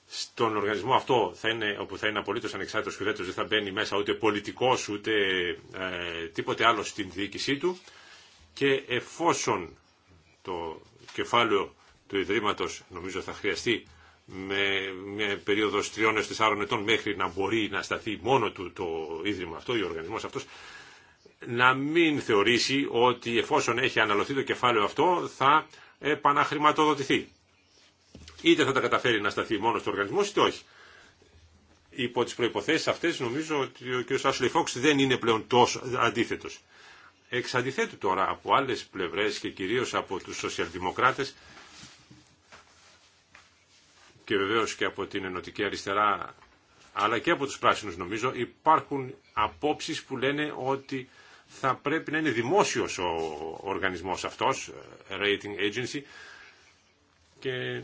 Στον οργανισμό αυτό θα είναι, όπου θα είναι απολύτως ανεξάρτητος και ουδέτερος, δεν θα μπαίνει μέσα ούτε πολιτικός ούτε ε, τίποτε άλλο στην διοίκησή του. Και εφόσον το κεφάλαιο του Ιδρύματος νομίζω θα χρειαστεί με μια περίοδο τριών έως τεσσάρων ετών μέχρι να μπορεί να σταθεί μόνο του το Ίδρυμα αυτό, ο οργανισμός αυτός, να μην θεωρήσει ότι εφόσον έχει αναλωθεί το κεφάλαιο αυτό θα επαναχρηματοδοτηθεί. Είτε θα τα καταφέρει να σταθεί μόνο στο οργανισμό είτε όχι. Υπό τι προποθέσει αυτέ νομίζω ότι ο κ. Άσουλη Φόξ δεν είναι πλέον τόσο αντίθετο. Εξ τώρα από άλλε πλευρέ και κυρίω από του σοσιαλδημοκράτε και βεβαίω και από την ενωτική αριστερά αλλά και από τους πράσινους νομίζω υπάρχουν απόψεις που λένε ότι θα πρέπει να είναι δημόσιος ο οργανισμός αυτός, rating agency, και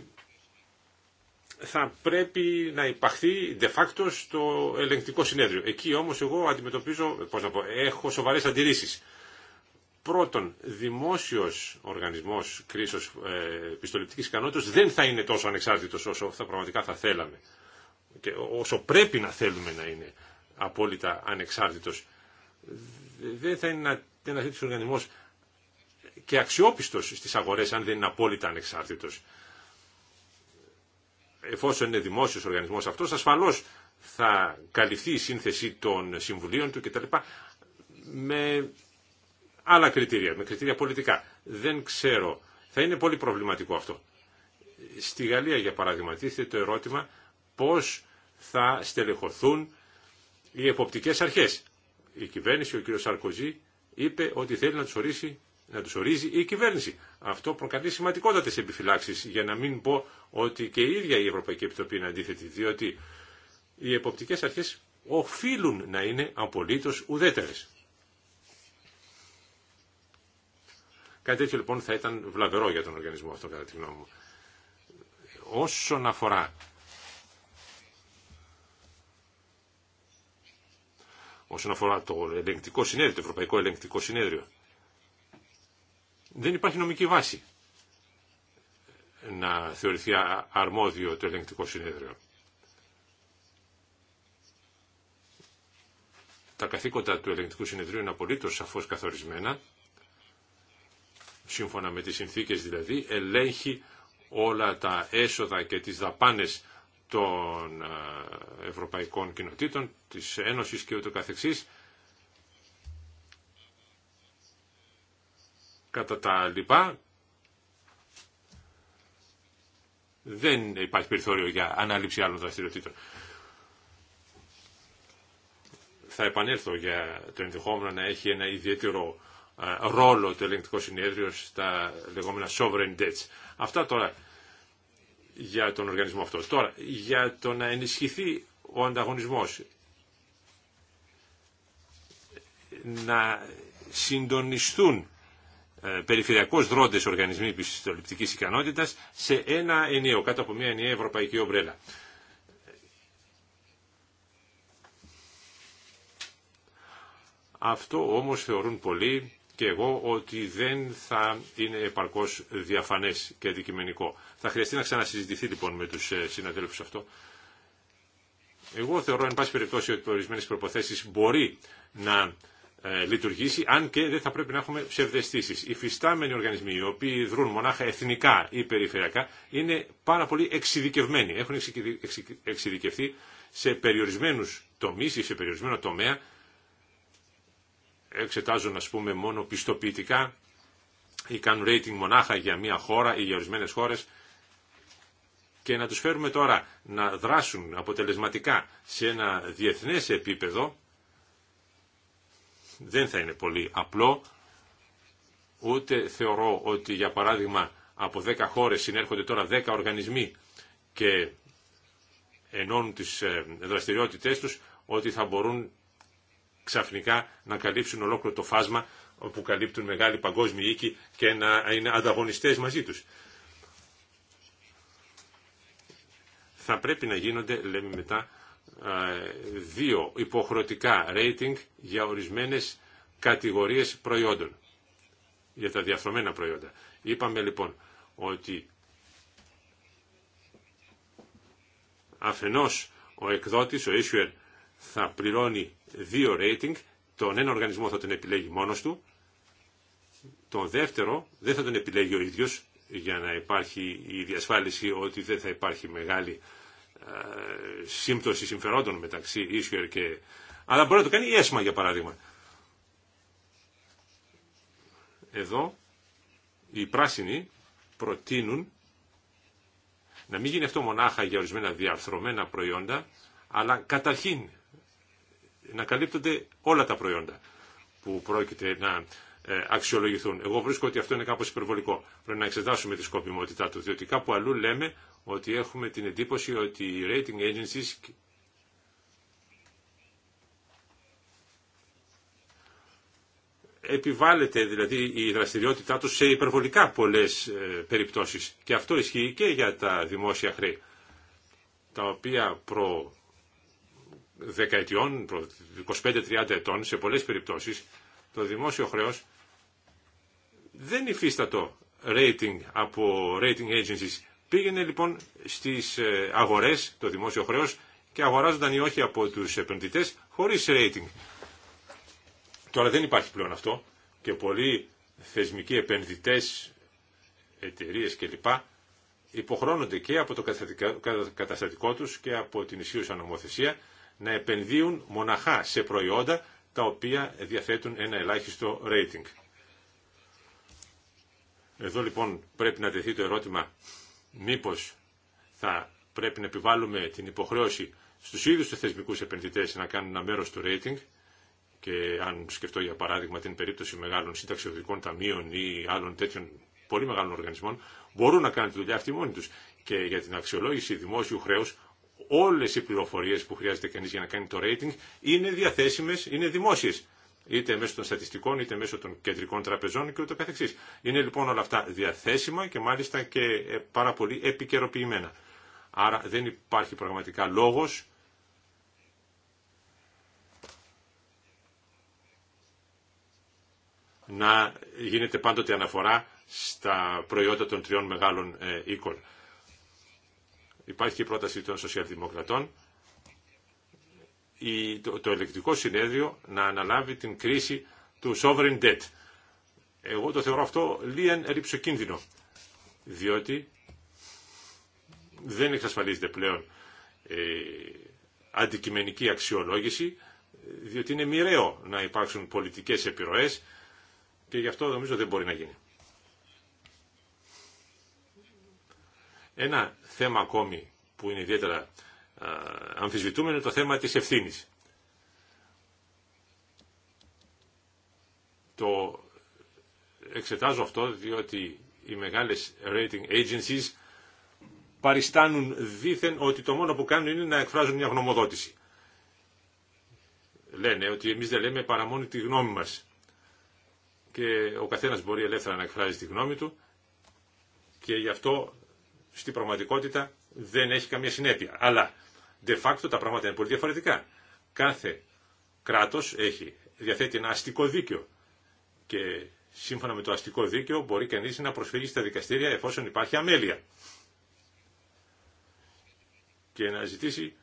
θα πρέπει να υπαχθεί de facto στο ελεγκτικό συνέδριο. Εκεί όμως εγώ αντιμετωπίζω, πώς να πω, έχω σοβαρές αντιρρήσεις. Πρώτον, δημόσιος οργανισμός κρίσεως ε, πιστοληπτικής ικανότητας δεν θα είναι τόσο ανεξάρτητος όσο θα πραγματικά θα θέλαμε και όσο πρέπει να θέλουμε να είναι απόλυτα ανεξάρτητος δεν θα είναι ένα τέτοιο οργανισμό και αξιόπιστο στι αγορέ, αν δεν είναι απόλυτα ανεξάρτητο. Εφόσον είναι δημόσιο οργανισμό αυτό, ασφαλώ θα καλυφθεί η σύνθεση των συμβουλίων του κτλ. με άλλα κριτήρια, με κριτήρια πολιτικά. Δεν ξέρω. Θα είναι πολύ προβληματικό αυτό. Στη Γαλλία, για παράδειγμα, τίθεται το ερώτημα πώς θα στελεχωθούν οι εποπτικές αρχές η κυβέρνηση, ο κ. Σαρκοζή είπε ότι θέλει να του ορίσει, να ορίζει η κυβέρνηση. Αυτό προκαλεί σημαντικότατε επιφυλάξει για να μην πω ότι και η ίδια η Ευρωπαϊκή Επιτροπή είναι αντίθετη, διότι οι εποπτικέ αρχές οφείλουν να είναι απολύτω ουδέτερε. Κάτι τέτοιο λοιπόν θα ήταν βλαβερό για τον οργανισμό αυτό κατά τη γνώμη μου. Όσον αφορά όσον αφορά το ελεγκτικό συνέδριο, το Ευρωπαϊκό Ελεγκτικό Συνέδριο. Δεν υπάρχει νομική βάση να θεωρηθεί αρμόδιο το ελεγκτικό συνέδριο. Τα καθήκοντα του ελεγκτικού συνεδρίου είναι απολύτω σαφώ καθορισμένα. Σύμφωνα με τις συνθήκες δηλαδή, ελέγχει όλα τα έσοδα και τις δαπάνες των ε, ευρωπαϊκών κοινοτήτων, της Ένωσης και ούτω καθεξής. Κατά τα λοιπά, δεν υπάρχει περιθώριο για ανάληψη άλλων δραστηριοτήτων. Θα επανέλθω για το ενδεχόμενο να έχει ένα ιδιαίτερο ε, ρόλο το ελεγκτικό συνέδριο στα λεγόμενα sovereign debts. Αυτά τώρα για τον οργανισμό αυτό. Τώρα, για το να ενισχυθεί ο ανταγωνισμός, να συντονιστούν ε, περιφερειακώς δρόντες οργανισμοί πιστοληπτικής ικανότητας σε ένα ενιαίο, κάτω από μια ενιαία ευρωπαϊκή ομπρέλα. Αυτό όμως θεωρούν πολλοί και εγώ ότι δεν θα είναι επαρκώς διαφανές και αντικειμενικό. Θα χρειαστεί να ξανασυζητηθεί λοιπόν με του ε, συναδέλφους αυτό. Εγώ θεωρώ εν πάση περιπτώσει ότι ορισμένε προποθέσει μπορεί να ε, λειτουργήσει, αν και δεν θα πρέπει να έχουμε ψευδεστήσει. Οι φυστάμενοι οργανισμοί, οι οποίοι δρούν μονάχα εθνικά ή περιφερειακά, είναι πάρα πολύ εξειδικευμένοι. Έχουν εξειδικευθεί σε περιορισμένου τομεί ή σε περιορισμένο τομέα. Εξετάζουν, α πούμε, μόνο πιστοποιητικά ή κάνουν rating μονάχα για μια χώρα ή για ορισμένε χώρε και να τους φέρουμε τώρα να δράσουν αποτελεσματικά σε ένα διεθνές επίπεδο δεν θα είναι πολύ απλό ούτε θεωρώ ότι για παράδειγμα από 10 χώρες συνέρχονται τώρα 10 οργανισμοί και ενώνουν τις ε, δραστηριότητές τους ότι θα μπορούν ξαφνικά να καλύψουν ολόκληρο το φάσμα που καλύπτουν μεγάλη παγκόσμια οίκη και να είναι ανταγωνιστές μαζί τους. θα πρέπει να γίνονται, λέμε μετά, δύο υποχρεωτικά rating για ορισμένες κατηγορίες προϊόντων, για τα διαφρομένα προϊόντα. Είπαμε λοιπόν ότι αφενός ο εκδότης, ο issuer, θα πληρώνει δύο rating, τον ένα οργανισμό θα τον επιλέγει μόνος του, τον δεύτερο δεν θα τον επιλέγει ο ίδιος, για να υπάρχει η διασφάλιση ότι δεν θα υπάρχει μεγάλη ε, σύμπτωση συμφερόντων μεταξύ Ίσουερ και... Αλλά μπορεί να το κάνει η ΕΣΜΑ για παράδειγμα. Εδώ οι πράσινοι προτείνουν να μην γίνει αυτό μονάχα για ορισμένα διαρθρωμένα προϊόντα, αλλά καταρχήν να καλύπτονται όλα τα προϊόντα που πρόκειται να ε, αξιολογηθούν. Εγώ βρίσκω ότι αυτό είναι κάπως υπερβολικό. Πρέπει να εξετάσουμε τη σκοπιμότητά του, διότι κάπου αλλού λέμε ότι έχουμε την εντύπωση ότι οι rating agencies επιβάλλεται δηλαδή η δραστηριότητά τους σε υπερβολικά πολλές ε, περιπτώσεις. Και αυτό ισχύει και για τα δημόσια χρέη, τα οποία προ δεκαετιών, προ 25-30 ετών, σε πολλές περιπτώσεις, το δημόσιο χρέος δεν υφίστατο rating από rating agencies. Πήγαινε λοιπόν στις ε, αγορές, το δημόσιο χρέος, και αγοράζονταν ή όχι από τους επενδυτές χωρίς rating. Τώρα δεν υπάρχει πλέον αυτό και πολλοί θεσμικοί επενδυτές, εταιρείε κλπ. υποχρώνονται και από το καταστατικό τους και από την ισχύουσα νομοθεσία να επενδύουν μοναχά σε προϊόντα τα οποία διαθέτουν ένα ελάχιστο rating. Εδώ λοιπόν πρέπει να τεθεί το ερώτημα μήπως θα πρέπει να επιβάλλουμε την υποχρέωση στους ίδιους τους θεσμικούς επενδυτές να κάνουν ένα μέρος του rating και αν σκεφτώ για παράδειγμα την περίπτωση μεγάλων συνταξιωτικών ταμείων ή άλλων τέτοιων πολύ μεγάλων οργανισμών, μπορούν να κάνουν τη δουλειά αυτή μόνοι τους. Και για την αξιολόγηση δημόσιου χρέους, όλες οι πληροφορίες που χρειάζεται κανείς για να κάνει το rating είναι διαθέσιμες, είναι δημόσιες είτε μέσω των στατιστικών, είτε μέσω των κεντρικών τραπεζών και ούτω καθεξής. Είναι λοιπόν όλα αυτά διαθέσιμα και μάλιστα και ε, πάρα πολύ επικαιροποιημένα. Άρα δεν υπάρχει πραγματικά λόγος να γίνεται πάντοτε αναφορά στα προϊόντα των τριών μεγάλων ε, οίκων. Υπάρχει και η πρόταση των σοσιαλδημοκρατών το, το ελεκτικό συνέδριο να αναλάβει την κρίση του sovereign debt. Εγώ το θεωρώ αυτό λίεν ρηψοκίνδυνο, διότι δεν εξασφαλίζεται πλέον ε, αντικειμενική αξιολόγηση, διότι είναι μοιραίο να υπάρξουν πολιτικές επιρροές και γι' αυτό νομίζω δεν μπορεί να γίνει. Ένα θέμα ακόμη που είναι ιδιαίτερα αμφισβητούμενο το θέμα της ευθύνης. Το εξετάζω αυτό διότι οι μεγάλες rating agencies παριστάνουν δήθεν ότι το μόνο που κάνουν είναι να εκφράζουν μια γνωμοδότηση. Λένε ότι εμείς δεν λέμε παρά μόνο τη γνώμη μας. Και ο καθένας μπορεί ελεύθερα να εκφράζει τη γνώμη του και γι' αυτό στην πραγματικότητα δεν έχει καμία συνέπεια. Αλλά De facto τα πράγματα είναι πολύ διαφορετικά. Κάθε κράτος έχει, διαθέτει ένα αστικό δίκαιο και σύμφωνα με το αστικό δίκαιο μπορεί κανείς να προσφύγει στα δικαστήρια εφόσον υπάρχει αμέλεια και να ζητήσει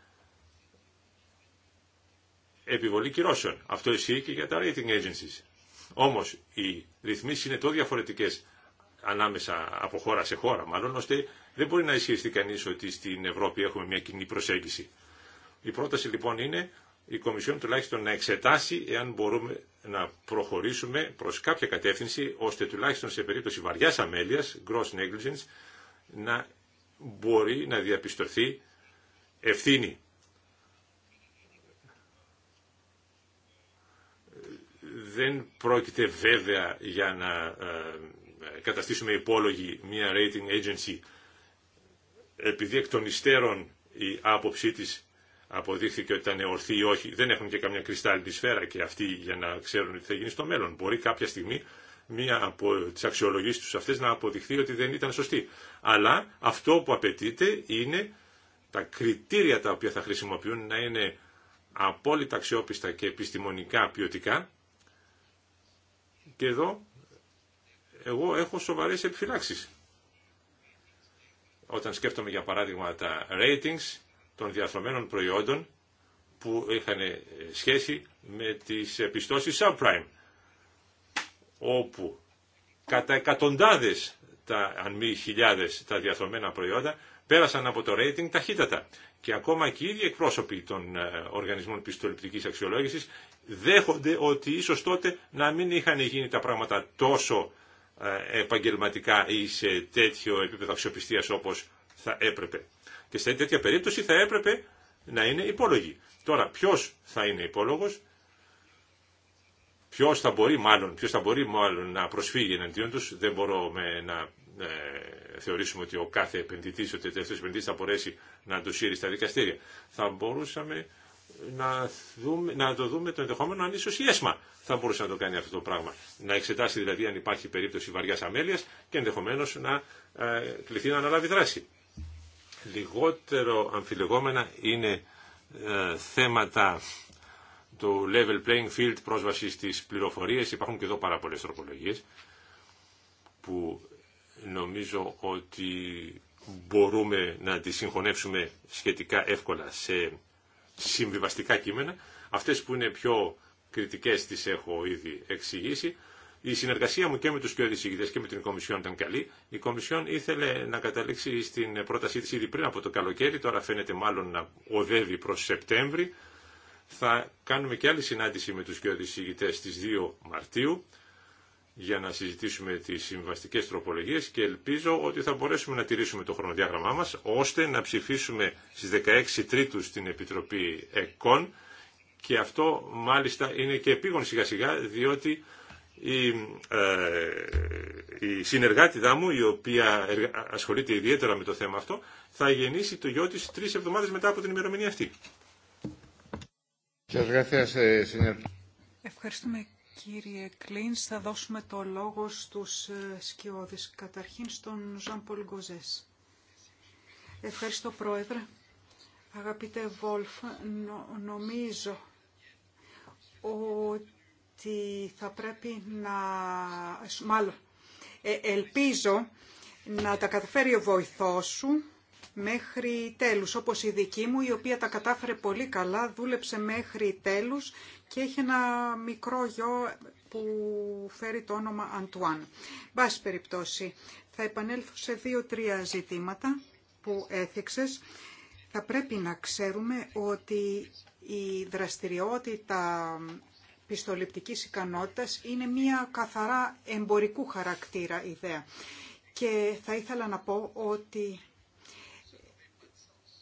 επιβολή κυρώσεων. Αυτό ισχύει και για τα rating agencies. Όμως οι ρυθμίσει είναι τόσο διαφορετικές ανάμεσα από χώρα σε χώρα μάλλον ώστε δεν μπορεί να ισχυριστεί κανεί ότι στην Ευρώπη έχουμε μια κοινή προσέγγιση. Η πρόταση λοιπόν είναι η Κομισιόν τουλάχιστον να εξετάσει εάν μπορούμε να προχωρήσουμε προς κάποια κατεύθυνση ώστε τουλάχιστον σε περίπτωση βαριάς αμέλειας, gross negligence, να μπορεί να διαπιστωθεί ευθύνη. Δεν πρόκειται βέβαια για να ε, καταστήσουμε υπόλογη μια rating agency επειδή εκ των υστέρων η άποψή της αποδείχθηκε ότι ήταν ορθή ή όχι, δεν έχουν και καμιά κρυστάλλινη σφαίρα και αυτοί για να ξέρουν τι θα γίνει στο μέλλον. Μπορεί κάποια στιγμή μία από τις αξιολογήσεις τους αυτές να αποδειχθεί ότι δεν ήταν σωστή. Αλλά αυτό που απαιτείται είναι τα κριτήρια τα οποία θα χρησιμοποιούν να είναι απόλυτα αξιόπιστα και επιστημονικά ποιοτικά. Και εδώ εγώ έχω σοβαρές επιφυλάξεις όταν σκέφτομαι για παράδειγμα τα ratings των διαθρωμένων προϊόντων που είχαν ε, σχέση με τις επιστώσεις subprime όπου κατά εκατοντάδες τα, αν μη χιλιάδες τα διαθρωμένα προϊόντα πέρασαν από το rating ταχύτατα και ακόμα και οι ίδιοι εκπρόσωποι των ε, οργανισμών πιστοληπτικής αξιολόγησης δέχονται ότι ίσως τότε να μην είχαν γίνει τα πράγματα τόσο ε, επαγγελματικά ή σε τέτοιο επίπεδο αξιοπιστίας όπως θα έπρεπε. Και σε τέτοια περίπτωση θα έπρεπε να είναι υπόλογοι. Τώρα ποιο θα είναι υπόλογο, ποιο θα μπορεί μάλλον, θα μπορεί μάλλον να προσφύγει εναντίον του, δεν μπορούμε να ε, θεωρήσουμε ότι ο κάθε επενδυτή, ο τελευταίο επενδυτή θα μπορέσει να του σύρει στα δικαστήρια. Θα μπορούσαμε να, να το δούμε το ενδεχόμενο αν ίσως η ΕΣΜΑ θα μπορούσε να το κάνει αυτό το πράγμα. Να εξετάσει δηλαδή αν υπάρχει περίπτωση βαριάς αμέλειας και ενδεχομένως να ε, κληθεί να αναλάβει δράση. Λιγότερο αμφιλεγόμενα είναι ε, θέματα του level playing field πρόσβαση στι πληροφορίες. Υπάρχουν και εδώ πάρα πολλές τροπολογίες που νομίζω ότι μπορούμε να τις συγχωνεύσουμε σχετικά εύκολα σε συμβιβαστικά κείμενα. Αυτές που είναι πιο κριτικές τις έχω ήδη εξηγήσει. Η συνεργασία μου και με τους πιο ηγητέ και με την Κομισιόν ήταν καλή. Η Κομισιόν ήθελε να καταλήξει στην πρότασή της ήδη πριν από το καλοκαίρι, τώρα φαίνεται μάλλον να οδεύει προς Σεπτέμβρη. Θα κάνουμε και άλλη συνάντηση με τους πιο ηγητέ στις 2 Μαρτίου για να συζητήσουμε τις συμβαστικές τροπολογίες και ελπίζω ότι θα μπορέσουμε να τηρήσουμε το χρονοδιάγραμμά μας ώστε να ψηφίσουμε στις 16 Τρίτου στην Επιτροπή ΕΚΟΝ και αυτό μάλιστα είναι και επίγον σιγά σιγά διότι η, ε, η μου η οποία ασχολείται ιδιαίτερα με το θέμα αυτό θα γεννήσει το γιο της τρεις εβδομάδες μετά από την ημερομηνία αυτή. Ε, Ευχαριστούμε Κύριε Κλίνς, θα δώσουμε το λόγο στους ε, σκιώδες. Καταρχήν στον Ζαν Πολ Ευχαριστώ Πρόεδρε. Αγαπητέ Βόλφ, νομίζω ότι θα πρέπει να... Μάλλον, ε, ελπίζω να τα καταφέρει ο βοηθός σου μέχρι τέλους, όπως η δική μου, η οποία τα κατάφερε πολύ καλά, δούλεψε μέχρι τέλους και έχει ένα μικρό γιο που φέρει το όνομα Αντουάν. Μπάς περιπτώσει, θα επανέλθω σε δύο-τρία ζητήματα που έθιξες. Θα πρέπει να ξέρουμε ότι η δραστηριότητα πιστοληπτικής ικανότητας είναι μια καθαρά εμπορικού χαρακτήρα ιδέα. Και θα ήθελα να πω ότι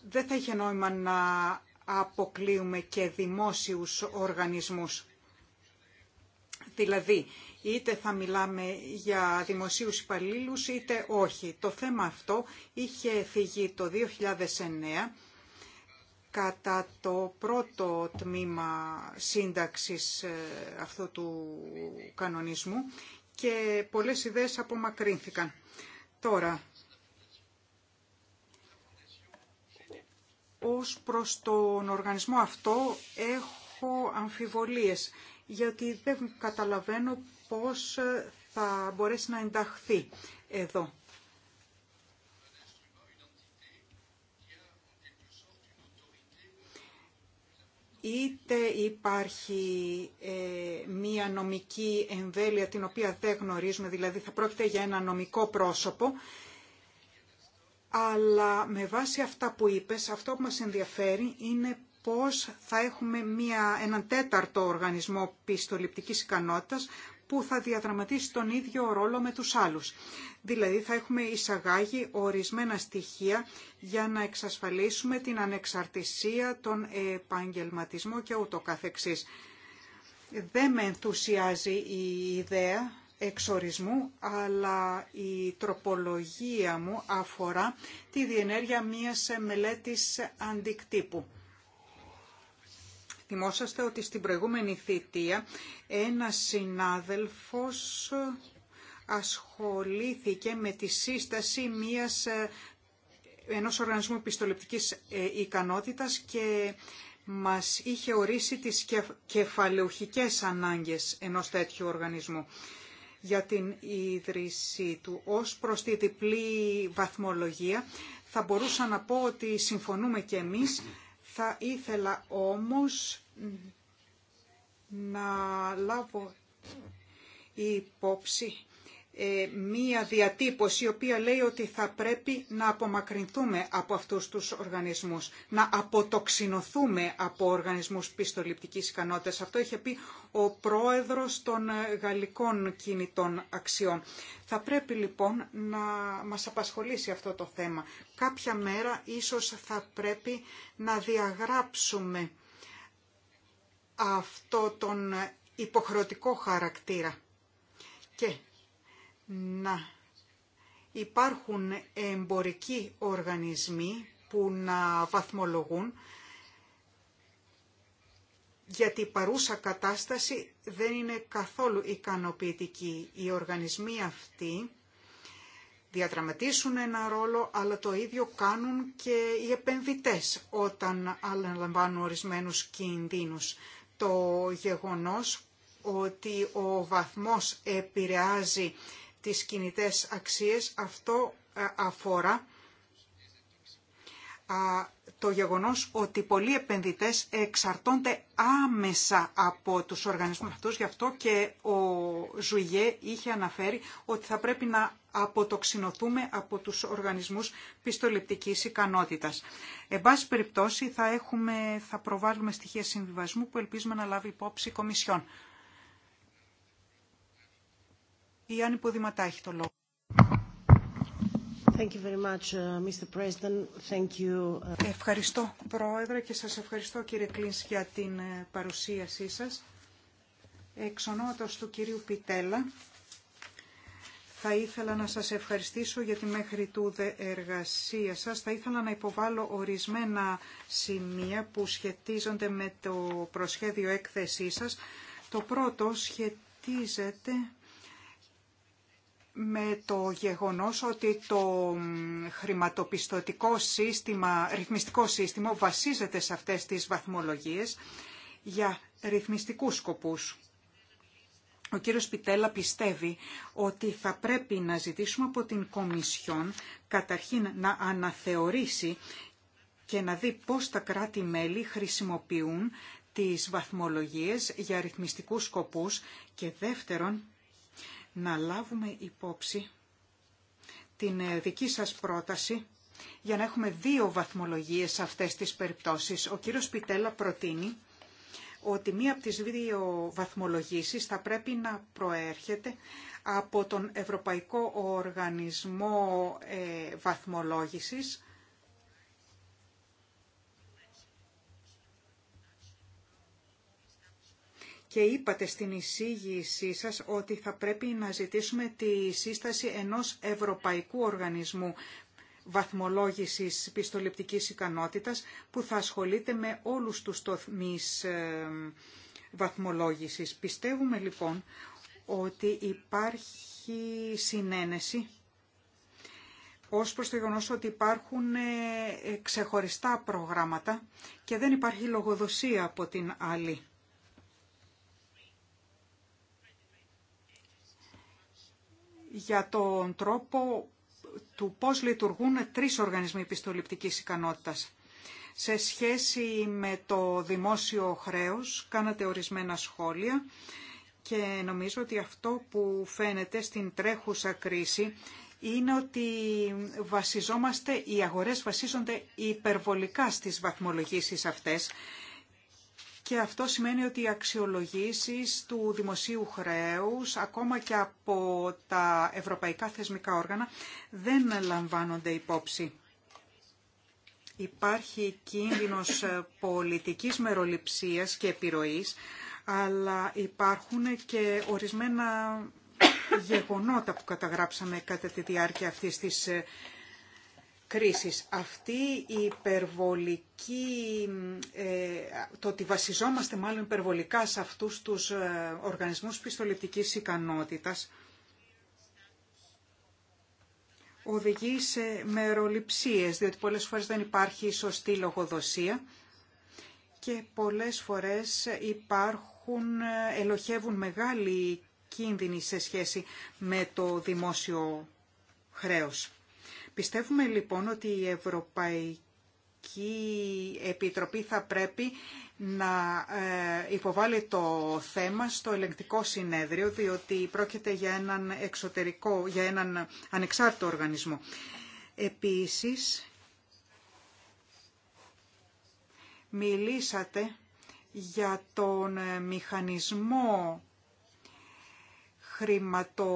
δεν θα είχε νόημα να αποκλείουμε και δημόσιους οργανισμούς. Δηλαδή, είτε θα μιλάμε για δημοσίους υπαλλήλους είτε όχι. Το θέμα αυτό είχε φυγεί το 2009 κατά το πρώτο τμήμα σύνταξης ε, αυτού του κανονισμού και πολλές ιδέες απομακρύνθηκαν. Τώρα, Ως προς τον οργανισμό αυτό έχω αμφιβολίες, γιατί δεν καταλαβαίνω πώς θα μπορέσει να ενταχθεί εδώ. είτε υπάρχει ε, μία νομική εμβέλεια την οποία δεν γνωρίζουμε, δηλαδή θα πρόκειται για ένα νομικό πρόσωπο αλλά με βάση αυτά που είπες, αυτό που μας ενδιαφέρει είναι πώς θα έχουμε μια, έναν τέταρτο οργανισμό πιστοληπτικής ικανότητας που θα διαδραματίσει τον ίδιο ρόλο με τους άλλους. Δηλαδή θα έχουμε εισαγάγει ορισμένα στοιχεία για να εξασφαλίσουμε την ανεξαρτησία, τον επαγγελματισμό και ούτω καθεξής. Δεν με ενθουσιάζει η ιδέα εξορισμού, αλλά η τροπολογία μου αφορά τη διενέργεια μιας μελέτης αντικτύπου. Θυμόσαστε ότι στην προηγούμενη θητεία ένα συνάδελφος ασχολήθηκε με τη σύσταση μιας, ε, ενός οργανισμού πιστοληπτικής ε, ικανότητας και μας είχε ορίσει τις κεφαλαιοχικές ανάγκες ενός τέτοιου οργανισμού για την ίδρυσή του. Ως προς τη διπλή βαθμολογία θα μπορούσα να πω ότι συμφωνούμε και εμείς. Θα ήθελα όμως να λάβω υπόψη ε, μία διατύπωση η οποία λέει ότι θα πρέπει να απομακρυνθούμε από αυτούς τους οργανισμούς, να αποτοξινωθούμε από οργανισμούς πιστοληπτικής ικανότητας. Αυτό είχε πει ο πρόεδρος των ε, γαλλικών κινητών αξιών. Θα πρέπει λοιπόν να μας απασχολήσει αυτό το θέμα. Κάποια μέρα ίσως θα πρέπει να διαγράψουμε αυτό τον ε, υποχρεωτικό χαρακτήρα. Και να υπάρχουν εμπορικοί οργανισμοί που να βαθμολογούν γιατί η παρούσα κατάσταση δεν είναι καθόλου ικανοποιητική. Οι οργανισμοί αυτοί διαδραματίσουν ένα ρόλο, αλλά το ίδιο κάνουν και οι επενδυτές όταν αναλαμβάνουν ορισμένους κινδύνους. Το γεγονός ότι ο βαθμός επηρεάζει τις κινητές αξίες, αυτό ε, αφορά το γεγονός ότι πολλοί επενδυτές εξαρτώνται άμεσα από τους οργανισμούς αυτούς. Γι' αυτό και ο Ζουγιέ είχε αναφέρει ότι θα πρέπει να αποτοξινοθούμε από τους οργανισμούς πιστοληπτικής ικανότητας. Εν πάση περιπτώσει θα, έχουμε, θα προβάλλουμε στοιχεία συμβιβασμού που ελπίζουμε να λάβει υπόψη η Κομισιόν. Η Άννη Ποδηματά το λόγο. Uh, President. Thank you. Uh, ευχαριστώ, Πρόεδρε, και σας ευχαριστώ, κύριε Κλίνς, για την ε, παρουσίασή σας. Εξ του κυρίου Πιτέλα, θα ήθελα να σας ευχαριστήσω για τη μέχρι τούδε εργασία σας. Θα ήθελα να υποβάλω ορισμένα σημεία που σχετίζονται με το προσχέδιο έκθεσή σας. Το πρώτο σχετίζεται με το γεγονός ότι το χρηματοπιστωτικό σύστημα, ρυθμιστικό σύστημα βασίζεται σε αυτές τις βαθμολογίες για ρυθμιστικούς σκοπούς. Ο κύριος Πιτέλα πιστεύει ότι θα πρέπει να ζητήσουμε από την Κομισιόν καταρχήν να αναθεωρήσει και να δει πώς τα κράτη-μέλη χρησιμοποιούν τις βαθμολογίες για ρυθμιστικούς σκοπούς και δεύτερον να λάβουμε υπόψη την ε, δική σας πρόταση για να έχουμε δύο βαθμολογίες σε αυτές τις περιπτώσεις. Ο κύριος Πιτέλα προτείνει ότι μία από τις δύο βαθμολογήσεις θα πρέπει να προέρχεται από τον Ευρωπαϊκό Οργανισμό ε, Βαθμολόγησης και είπατε στην εισήγησή σας ότι θα πρέπει να ζητήσουμε τη σύσταση ενός ευρωπαϊκού οργανισμού βαθμολόγησης πιστοληπτικής ικανότητας που θα ασχολείται με όλους τους τομείς ε, βαθμολόγησης. Πιστεύουμε λοιπόν ότι υπάρχει συνένεση ως προς το γεγονός ότι υπάρχουν ε, ξεχωριστά προγράμματα και δεν υπάρχει λογοδοσία από την άλλη. για τον τρόπο του πώς λειτουργούν τρεις οργανισμοί πιστοληπτικής ικανότητας. Σε σχέση με το δημόσιο χρέος, κάνατε ορισμένα σχόλια και νομίζω ότι αυτό που φαίνεται στην τρέχουσα κρίση είναι ότι βασιζόμαστε, οι αγορές βασίζονται υπερβολικά στις βαθμολογήσεις αυτές και αυτό σημαίνει ότι οι αξιολογήσεις του δημοσίου χρέους, ακόμα και από τα ευρωπαϊκά θεσμικά όργανα, δεν λαμβάνονται υπόψη. Υπάρχει κίνδυνος ε, πολιτικής μεροληψίας και επιρροής, αλλά υπάρχουν και ορισμένα γεγονότα που καταγράψαμε κατά τη διάρκεια αυτής της ε, κρίσης. Αυτή η υπερβολική, ε, το ότι βασιζόμαστε μάλλον υπερβολικά σε αυτούς τους ε, οργανισμούς πιστοληπτικής ικανότητας, οδηγεί σε μεροληψίες, διότι πολλές φορές δεν υπάρχει σωστή λογοδοσία και πολλές φορές υπάρχουν, ε, ελοχεύουν μεγάλοι κίνδυνοι σε σχέση με το δημόσιο χρέος. Πιστεύουμε λοιπόν ότι η Ευρωπαϊκή Επιτροπή θα πρέπει να ε, υποβάλει το θέμα στο ελεγκτικό συνέδριο, διότι πρόκειται για έναν εξωτερικό, για έναν ανεξάρτητο οργανισμό. Επίσης, μιλήσατε για τον μηχανισμό χρηματο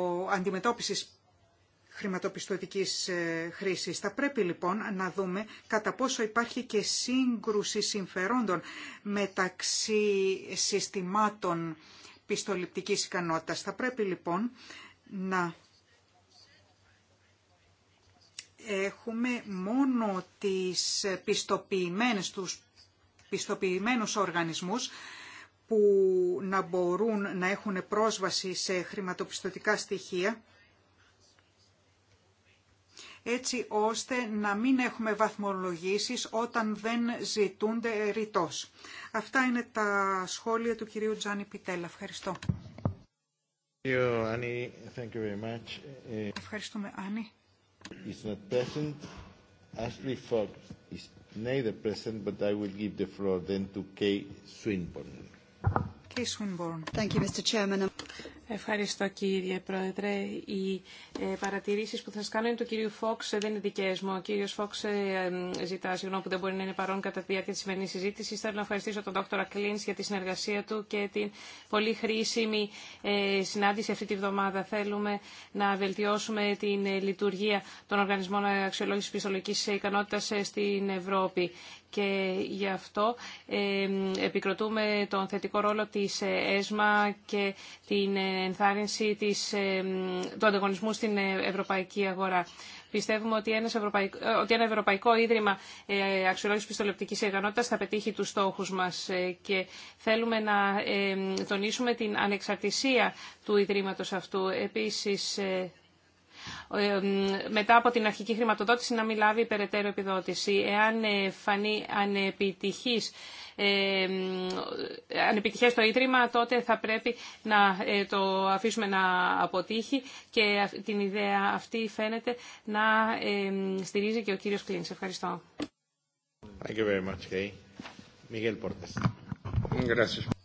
χρηματοπιστωτικής ε, χρήσης. Θα πρέπει λοιπόν να δούμε κατά πόσο υπάρχει και σύγκρουση συμφερόντων μεταξύ συστημάτων πιστοληπτικής ικανότητας. Θα πρέπει λοιπόν να έχουμε μόνο τις πιστοποιημένες, τους πιστοποιημένους οργανισμούς που να μπορούν να έχουν πρόσβαση σε χρηματοπιστωτικά στοιχεία έτσι ώστε να μην έχουμε βαθμολογήσεις όταν δεν ζητούνται ρητός. Αυτά είναι τα σχόλια του κυρίου Τζάνι Πιτέλα. Ευχαριστώ. Thank you very much. Ε, Ευχαριστούμε, Άννη. It's not present. Ashley Fox is neither present, but I will give the floor then to Kay Swinburne. Ευχαριστώ κύριε Πρόεδρε. Οι ε, παρατηρήσει που θα σα κάνω είναι του κύριου Φόξ, ε, δεν είναι δικέ μου. Ο κύριο Φόξ ε, ζητά συγγνώμη που δεν μπορεί να είναι παρόν κατά τη διάρκεια τη σημερινή συζήτηση. Θέλω να ευχαριστήσω τον Δόκτωρα Κλίν για τη συνεργασία του και την πολύ χρήσιμη συνάντηση αυτή τη βδομάδα. Θέλουμε να βελτιώσουμε την λειτουργία των οργανισμών αξιολόγηση πιστολογική ικανότητα στην Ευρώπη και γι' αυτό ε, επικροτούμε τον θετικό ρόλο της ΕΣΜΑ και την ενθάρρυνση της, ε, του ανταγωνισμού στην ευρωπαϊκή αγορά. Πιστεύουμε ότι, ένας ότι ένα Ευρωπαϊκό Ίδρυμα ε, Αξιολόγησης Πιστολεπτικής Ικανότητας θα πετύχει τους στόχους μας και θέλουμε να τονίσουμε την ανεξαρτησία του Ιδρύματος αυτού. Επίσης, μετά από την αρχική χρηματοδότηση να μην λάβει περαιτέρω επιδότηση. Εάν ε, φανεί ανεπιτυχής ε, επιτυχές το Ίδρυμα, τότε θα πρέπει να ε, το αφήσουμε να αποτύχει και την ιδέα αυτή φαίνεται να στηρίζει και ο κύριος Κλίνης. Ευχαριστώ. Thank you very much, Miguel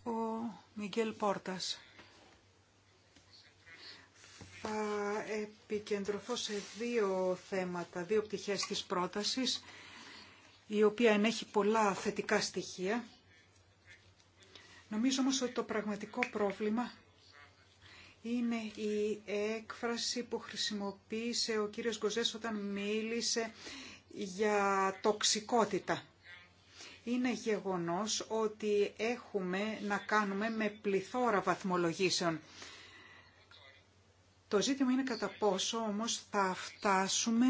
Ο Miguel θα επικεντρωθώ σε δύο θέματα, δύο πτυχές της πρότασης, η οποία ενέχει πολλά θετικά στοιχεία. Νομίζω όμως ότι το πραγματικό πρόβλημα είναι η έκφραση που χρησιμοποίησε ο κύριος Γκοζές όταν μίλησε για τοξικότητα. Είναι γεγονός ότι έχουμε να κάνουμε με πληθώρα βαθμολογήσεων το ζήτημα είναι κατά πόσο όμως θα φτάσουμε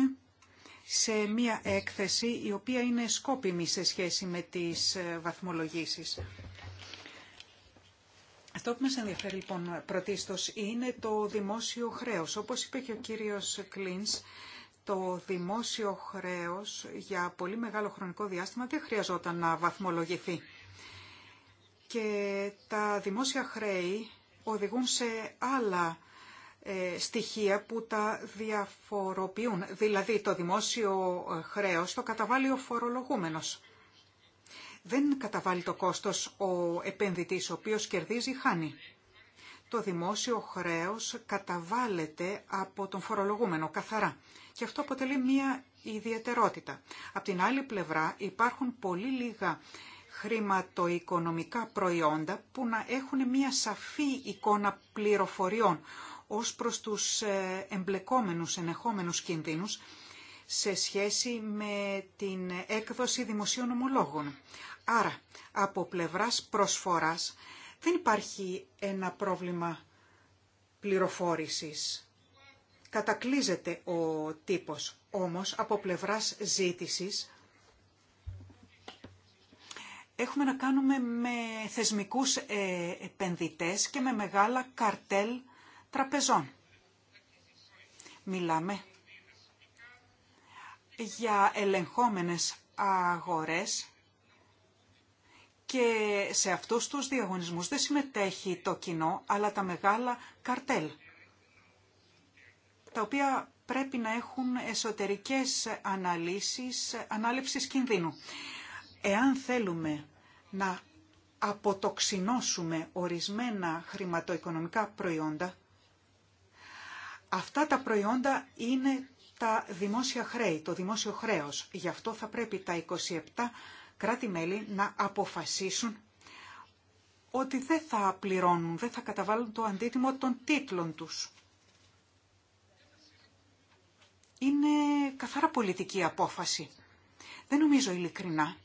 σε μία έκθεση η οποία είναι σκόπιμη σε σχέση με τις ε, βαθμολογήσεις. Αυτό που μας ενδιαφέρει λοιπόν πρωτίστως είναι το δημόσιο χρέος. Όπως είπε και ο κύριος Κλίνς, το δημόσιο χρέος για πολύ μεγάλο χρονικό διάστημα δεν χρειαζόταν να βαθμολογηθεί. Και τα δημόσια χρέη οδηγούν σε άλλα ε, στοιχεία που τα διαφοροποιούν. Δηλαδή το δημόσιο ε, χρέος το καταβάλει ο φορολογούμενος. Δεν καταβάλει το κόστος ο επενδυτής, ο οποίος κερδίζει χάνει. Το δημόσιο χρέος καταβάλλεται από τον φορολογούμενο καθαρά και αυτό αποτελεί μία ιδιαιτερότητα. Απ' την άλλη πλευρά υπάρχουν πολύ λίγα χρηματοοικονομικά προϊόντα που να έχουν μία σαφή εικόνα πληροφοριών ως προς τους ε, εμπλεκόμενους, ενεχόμενους κινδύνους σε σχέση με την έκδοση δημοσίων ομολόγων. Άρα, από πλευράς προσφοράς δεν υπάρχει ένα πρόβλημα πληροφόρησης. Κατακλείζεται ο τύπος, όμως από πλευράς ζήτησης έχουμε να κάνουμε με θεσμικούς ε, επενδυτές και με μεγάλα καρτέλ τραπεζών. Μιλάμε για ελεγχόμενες αγορές και σε αυτούς τους διαγωνισμούς δεν συμμετέχει το κοινό, αλλά τα μεγάλα καρτέλ, τα οποία πρέπει να έχουν εσωτερικές αναλύσεις, ανάληψης κινδύνου. Εάν θέλουμε να αποτοξινώσουμε ορισμένα χρηματοοικονομικά προϊόντα, Αυτά τα προϊόντα είναι τα δημόσια χρέη, το δημόσιο χρέος. Γι' αυτό θα πρέπει τα 27 κράτη-μέλη να αποφασίσουν ότι δεν θα πληρώνουν, δεν θα καταβάλουν το αντίτιμο των τίτλων τους. Είναι καθαρά πολιτική απόφαση. Δεν νομίζω ειλικρινά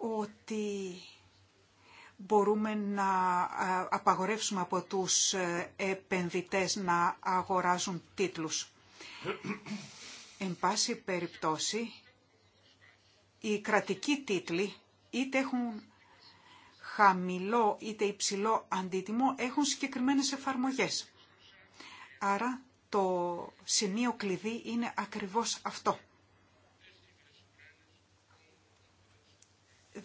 ότι μπορούμε να απαγορεύσουμε από τους ε, επενδυτές να αγοράζουν τίτλους. Εν πάση περιπτώσει, οι κρατικοί τίτλοι είτε έχουν χαμηλό είτε υψηλό αντίτιμο έχουν συγκεκριμένες εφαρμογές. Άρα το σημείο κλειδί είναι ακριβώς αυτό.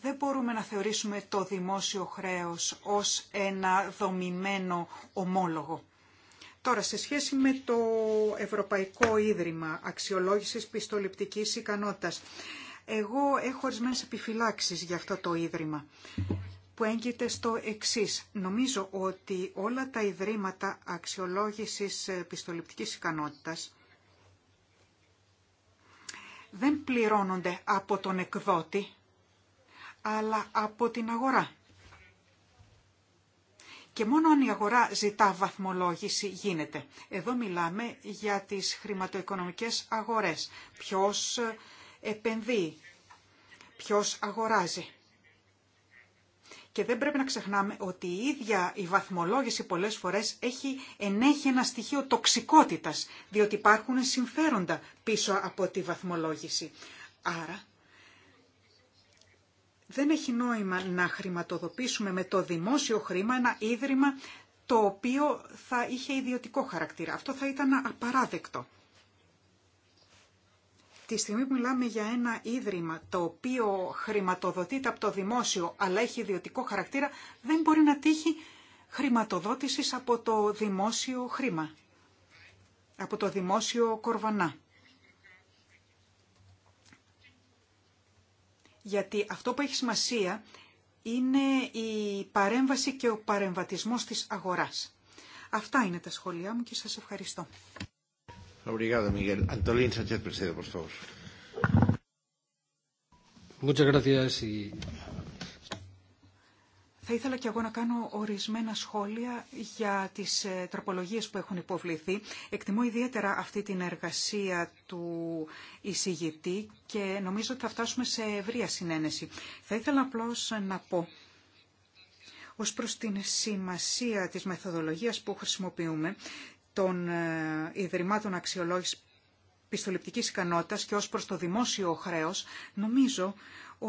δεν μπορούμε να θεωρήσουμε το δημόσιο χρέος ως ένα δομημένο ομόλογο. Τώρα, σε σχέση με το Ευρωπαϊκό Ίδρυμα Αξιολόγησης Πιστοληπτικής Ικανότητας, εγώ έχω ορισμένε επιφυλάξεις για αυτό το Ίδρυμα, που έγκυται στο εξή. Νομίζω ότι όλα τα Ιδρύματα Αξιολόγησης Πιστοληπτικής Ικανότητας δεν πληρώνονται από τον εκδότη, αλλά από την αγορά. Και μόνο αν η αγορά ζητά βαθμολόγηση γίνεται. Εδώ μιλάμε για τις χρηματοοικονομικές αγορές. Ποιος ε, επενδύει, ποιος αγοράζει. Και δεν πρέπει να ξεχνάμε ότι η ίδια η βαθμολόγηση πολλές φορές έχει, ενέχει ένα στοιχείο τοξικότητας, διότι υπάρχουν συμφέροντα πίσω από τη βαθμολόγηση. Άρα δεν έχει νόημα να χρηματοδοτήσουμε με το δημόσιο χρήμα ένα ίδρυμα το οποίο θα είχε ιδιωτικό χαρακτήρα. Αυτό θα ήταν απαράδεκτο. Τη στιγμή που μιλάμε για ένα ίδρυμα το οποίο χρηματοδοτείται από το δημόσιο αλλά έχει ιδιωτικό χαρακτήρα, δεν μπορεί να τύχει χρηματοδότησης από το δημόσιο χρήμα, από το δημόσιο κορβανά. Γιατί αυτό που έχει σημασία είναι η παρέμβαση και ο παρεμβατισμός της αγοράς. Αυτά είναι τα σχόλιά μου και σας ευχαριστώ. Θα ήθελα και εγώ να κάνω ορισμένα σχόλια για τις ε, τροπολογίες που έχουν υποβληθεί. Εκτιμώ ιδιαίτερα αυτή την εργασία του εισηγητή και νομίζω ότι θα φτάσουμε σε ευρία συνένεση. Θα ήθελα απλώς να πω ως προς την σημασία της μεθοδολογίας που χρησιμοποιούμε των ε, Ιδρυμάτων Αξιολόγησης πιστοληπτικής ικανότητας και ως προς το δημόσιο χρέος, νομίζω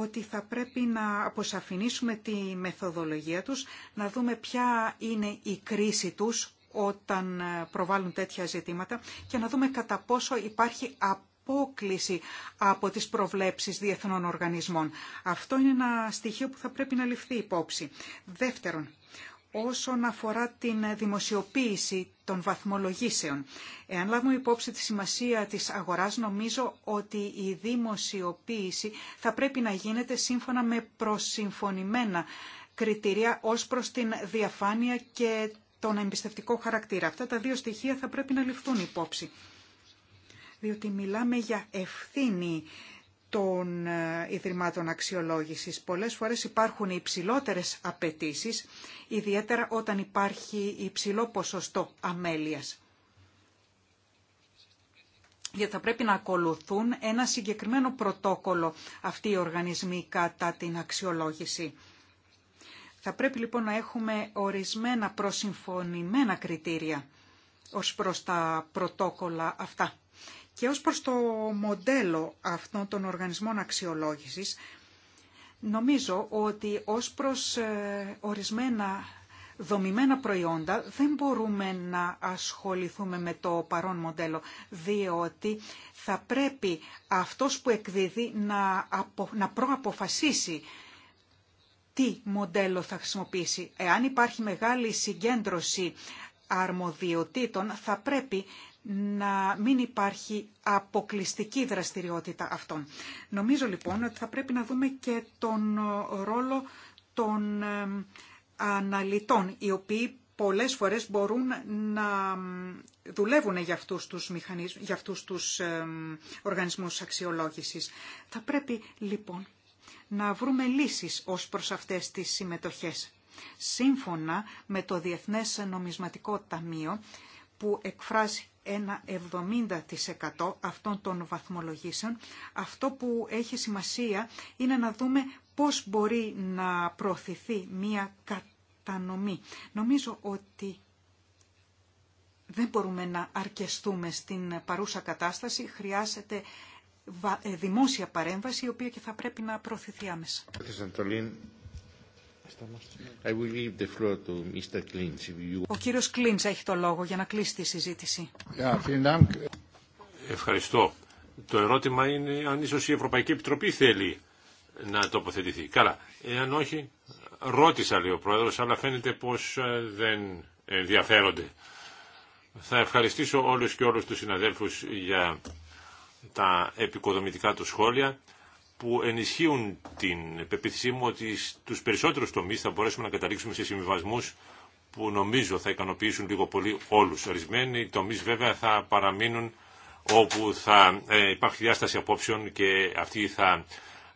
ότι θα πρέπει να αποσαφηνίσουμε τη μεθοδολογία τους, να δούμε ποια είναι η κρίση τους όταν ε, προβάλλουν τέτοια ζητήματα και να δούμε κατά πόσο υπάρχει απόκληση από τις προβλέψεις διεθνών οργανισμών. Αυτό είναι ένα στοιχείο που θα πρέπει να ληφθεί υπόψη. Δεύτερον, όσον αφορά την δημοσιοποίηση των βαθμολογήσεων. Εάν λάβουμε υπόψη τη σημασία της αγοράς, νομίζω ότι η δημοσιοποίηση θα πρέπει να γίνεται σύμφωνα με προσυμφωνημένα κριτήρια ως προς την διαφάνεια και τον εμπιστευτικό χαρακτήρα. Αυτά τα δύο στοιχεία θα πρέπει να ληφθούν υπόψη, διότι μιλάμε για ευθύνη των ε, Ιδρυμάτων Αξιολόγησης. Πολλές φορές υπάρχουν υψηλότερες απαιτήσεις, ιδιαίτερα όταν υπάρχει υψηλό ποσοστό αμέλειας. Γιατί θα πρέπει να ακολουθούν ένα συγκεκριμένο πρωτόκολλο αυτοί οι οργανισμοί κατά την αξιολόγηση. Θα πρέπει λοιπόν να έχουμε ορισμένα προσυμφωνημένα κριτήρια ως προς τα πρωτόκολλα αυτά. Και ως προς το μοντέλο αυτών των οργανισμών αξιολόγησης, νομίζω ότι ως προς ε, ορισμένα δομημένα προϊόντα δεν μπορούμε να ασχοληθούμε με το παρόν μοντέλο, διότι θα πρέπει αυτός που εκδίδει να, απο, να προαποφασίσει τι μοντέλο θα χρησιμοποιήσει. Εάν υπάρχει μεγάλη συγκέντρωση αρμοδιοτήτων, θα πρέπει να μην υπάρχει αποκλειστική δραστηριότητα αυτών. Νομίζω λοιπόν ότι θα πρέπει να δούμε και τον ρόλο των αναλυτών, οι οποίοι πολλές φορές μπορούν να δουλεύουν για αυτούς τους, οργανισμού για αυτούς τους οργανισμούς αξιολόγησης. Θα πρέπει λοιπόν να βρούμε λύσεις ως προς αυτές τις συμμετοχές. Σύμφωνα με το Διεθνές Νομισματικό Ταμείο που εκφράζει ένα 70% αυτών των βαθμολογήσεων. Αυτό που έχει σημασία είναι να δούμε πώς μπορεί να προωθηθεί μία κατανομή. Νομίζω ότι δεν μπορούμε να αρκεστούμε στην παρούσα κατάσταση. Χρειάζεται ε, δημόσια παρέμβαση, η οποία και θα πρέπει να προωθηθεί άμεσα. Ο κύριος Κλίντς έχει το λόγο για να κλείσει τη συζήτηση. Ευχαριστώ. Το ερώτημα είναι αν ίσως η Ευρωπαϊκή Επιτροπή θέλει να τοποθετηθεί. Καλά, εάν όχι, ρώτησα λέει ο Πρόεδρος, αλλά φαίνεται πως ε, δεν ενδιαφέρονται. Θα ευχαριστήσω όλους και όλους τους συναδέλφους για τα επικοδομητικά του σχόλια που ενισχύουν την πεποίθησή μου ότι στους περισσότερους τομείς θα μπορέσουμε να καταλήξουμε σε συμβιβασμού που νομίζω θα ικανοποιήσουν λίγο πολύ όλους. Ορισμένοι τομείς βέβαια θα παραμείνουν όπου θα ε, υπάρχει διάσταση απόψεων και αυτή θα,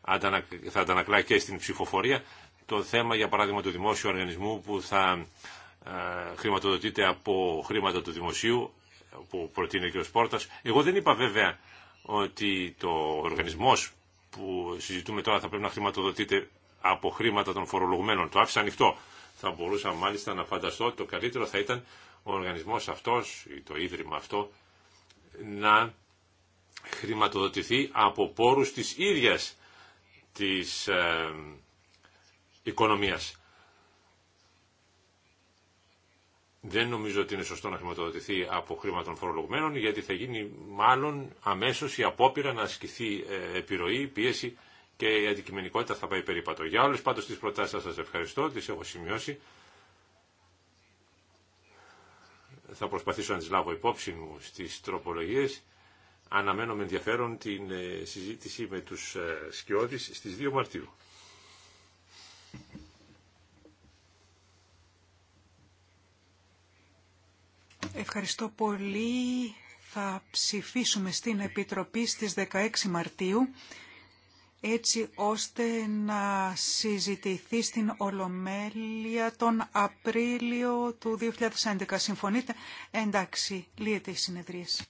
αντανακ, θα αντανακλά και στην ψηφοφορία το θέμα για παράδειγμα του δημόσιου οργανισμού που θα ε, χρηματοδοτείται από χρήματα του δημοσίου που προτείνει ο κ. Εγώ δεν είπα βέβαια ότι το οργανισμός που συζητούμε τώρα θα πρέπει να χρηματοδοτείται από χρήματα των φορολογουμένων. Το άφησα ανοιχτό. Θα μπορούσα μάλιστα να φανταστώ ότι το καλύτερο θα ήταν ο οργανισμός αυτός ή το ίδρυμα αυτό να χρηματοδοτηθεί από πόρους της ίδιας της ε, οικονομίας. δεν νομίζω ότι είναι σωστό να χρηματοδοτηθεί από χρήμα των φορολογουμένων, γιατί θα γίνει μάλλον αμέσως η απόπειρα να ασκηθεί ε, επιρροή, πίεση και η αντικειμενικότητα θα πάει περίπατο. Για όλε πάντως τις προτάσεις σα, ευχαριστώ, τις έχω σημειώσει. Θα προσπαθήσω να τι λάβω υπόψη μου στις τροπολογίε Αναμένω με ενδιαφέρον την ε, συζήτηση με του ε, σκιώδει στι 2 Μαρτίου. Ευχαριστώ πολύ. Θα ψηφίσουμε στην Επιτροπή στις 16 Μαρτίου έτσι ώστε να συζητηθεί στην Ολομέλεια τον Απρίλιο του 2011. Συμφωνείτε. Εντάξει, λύεται η συνεδρίαση.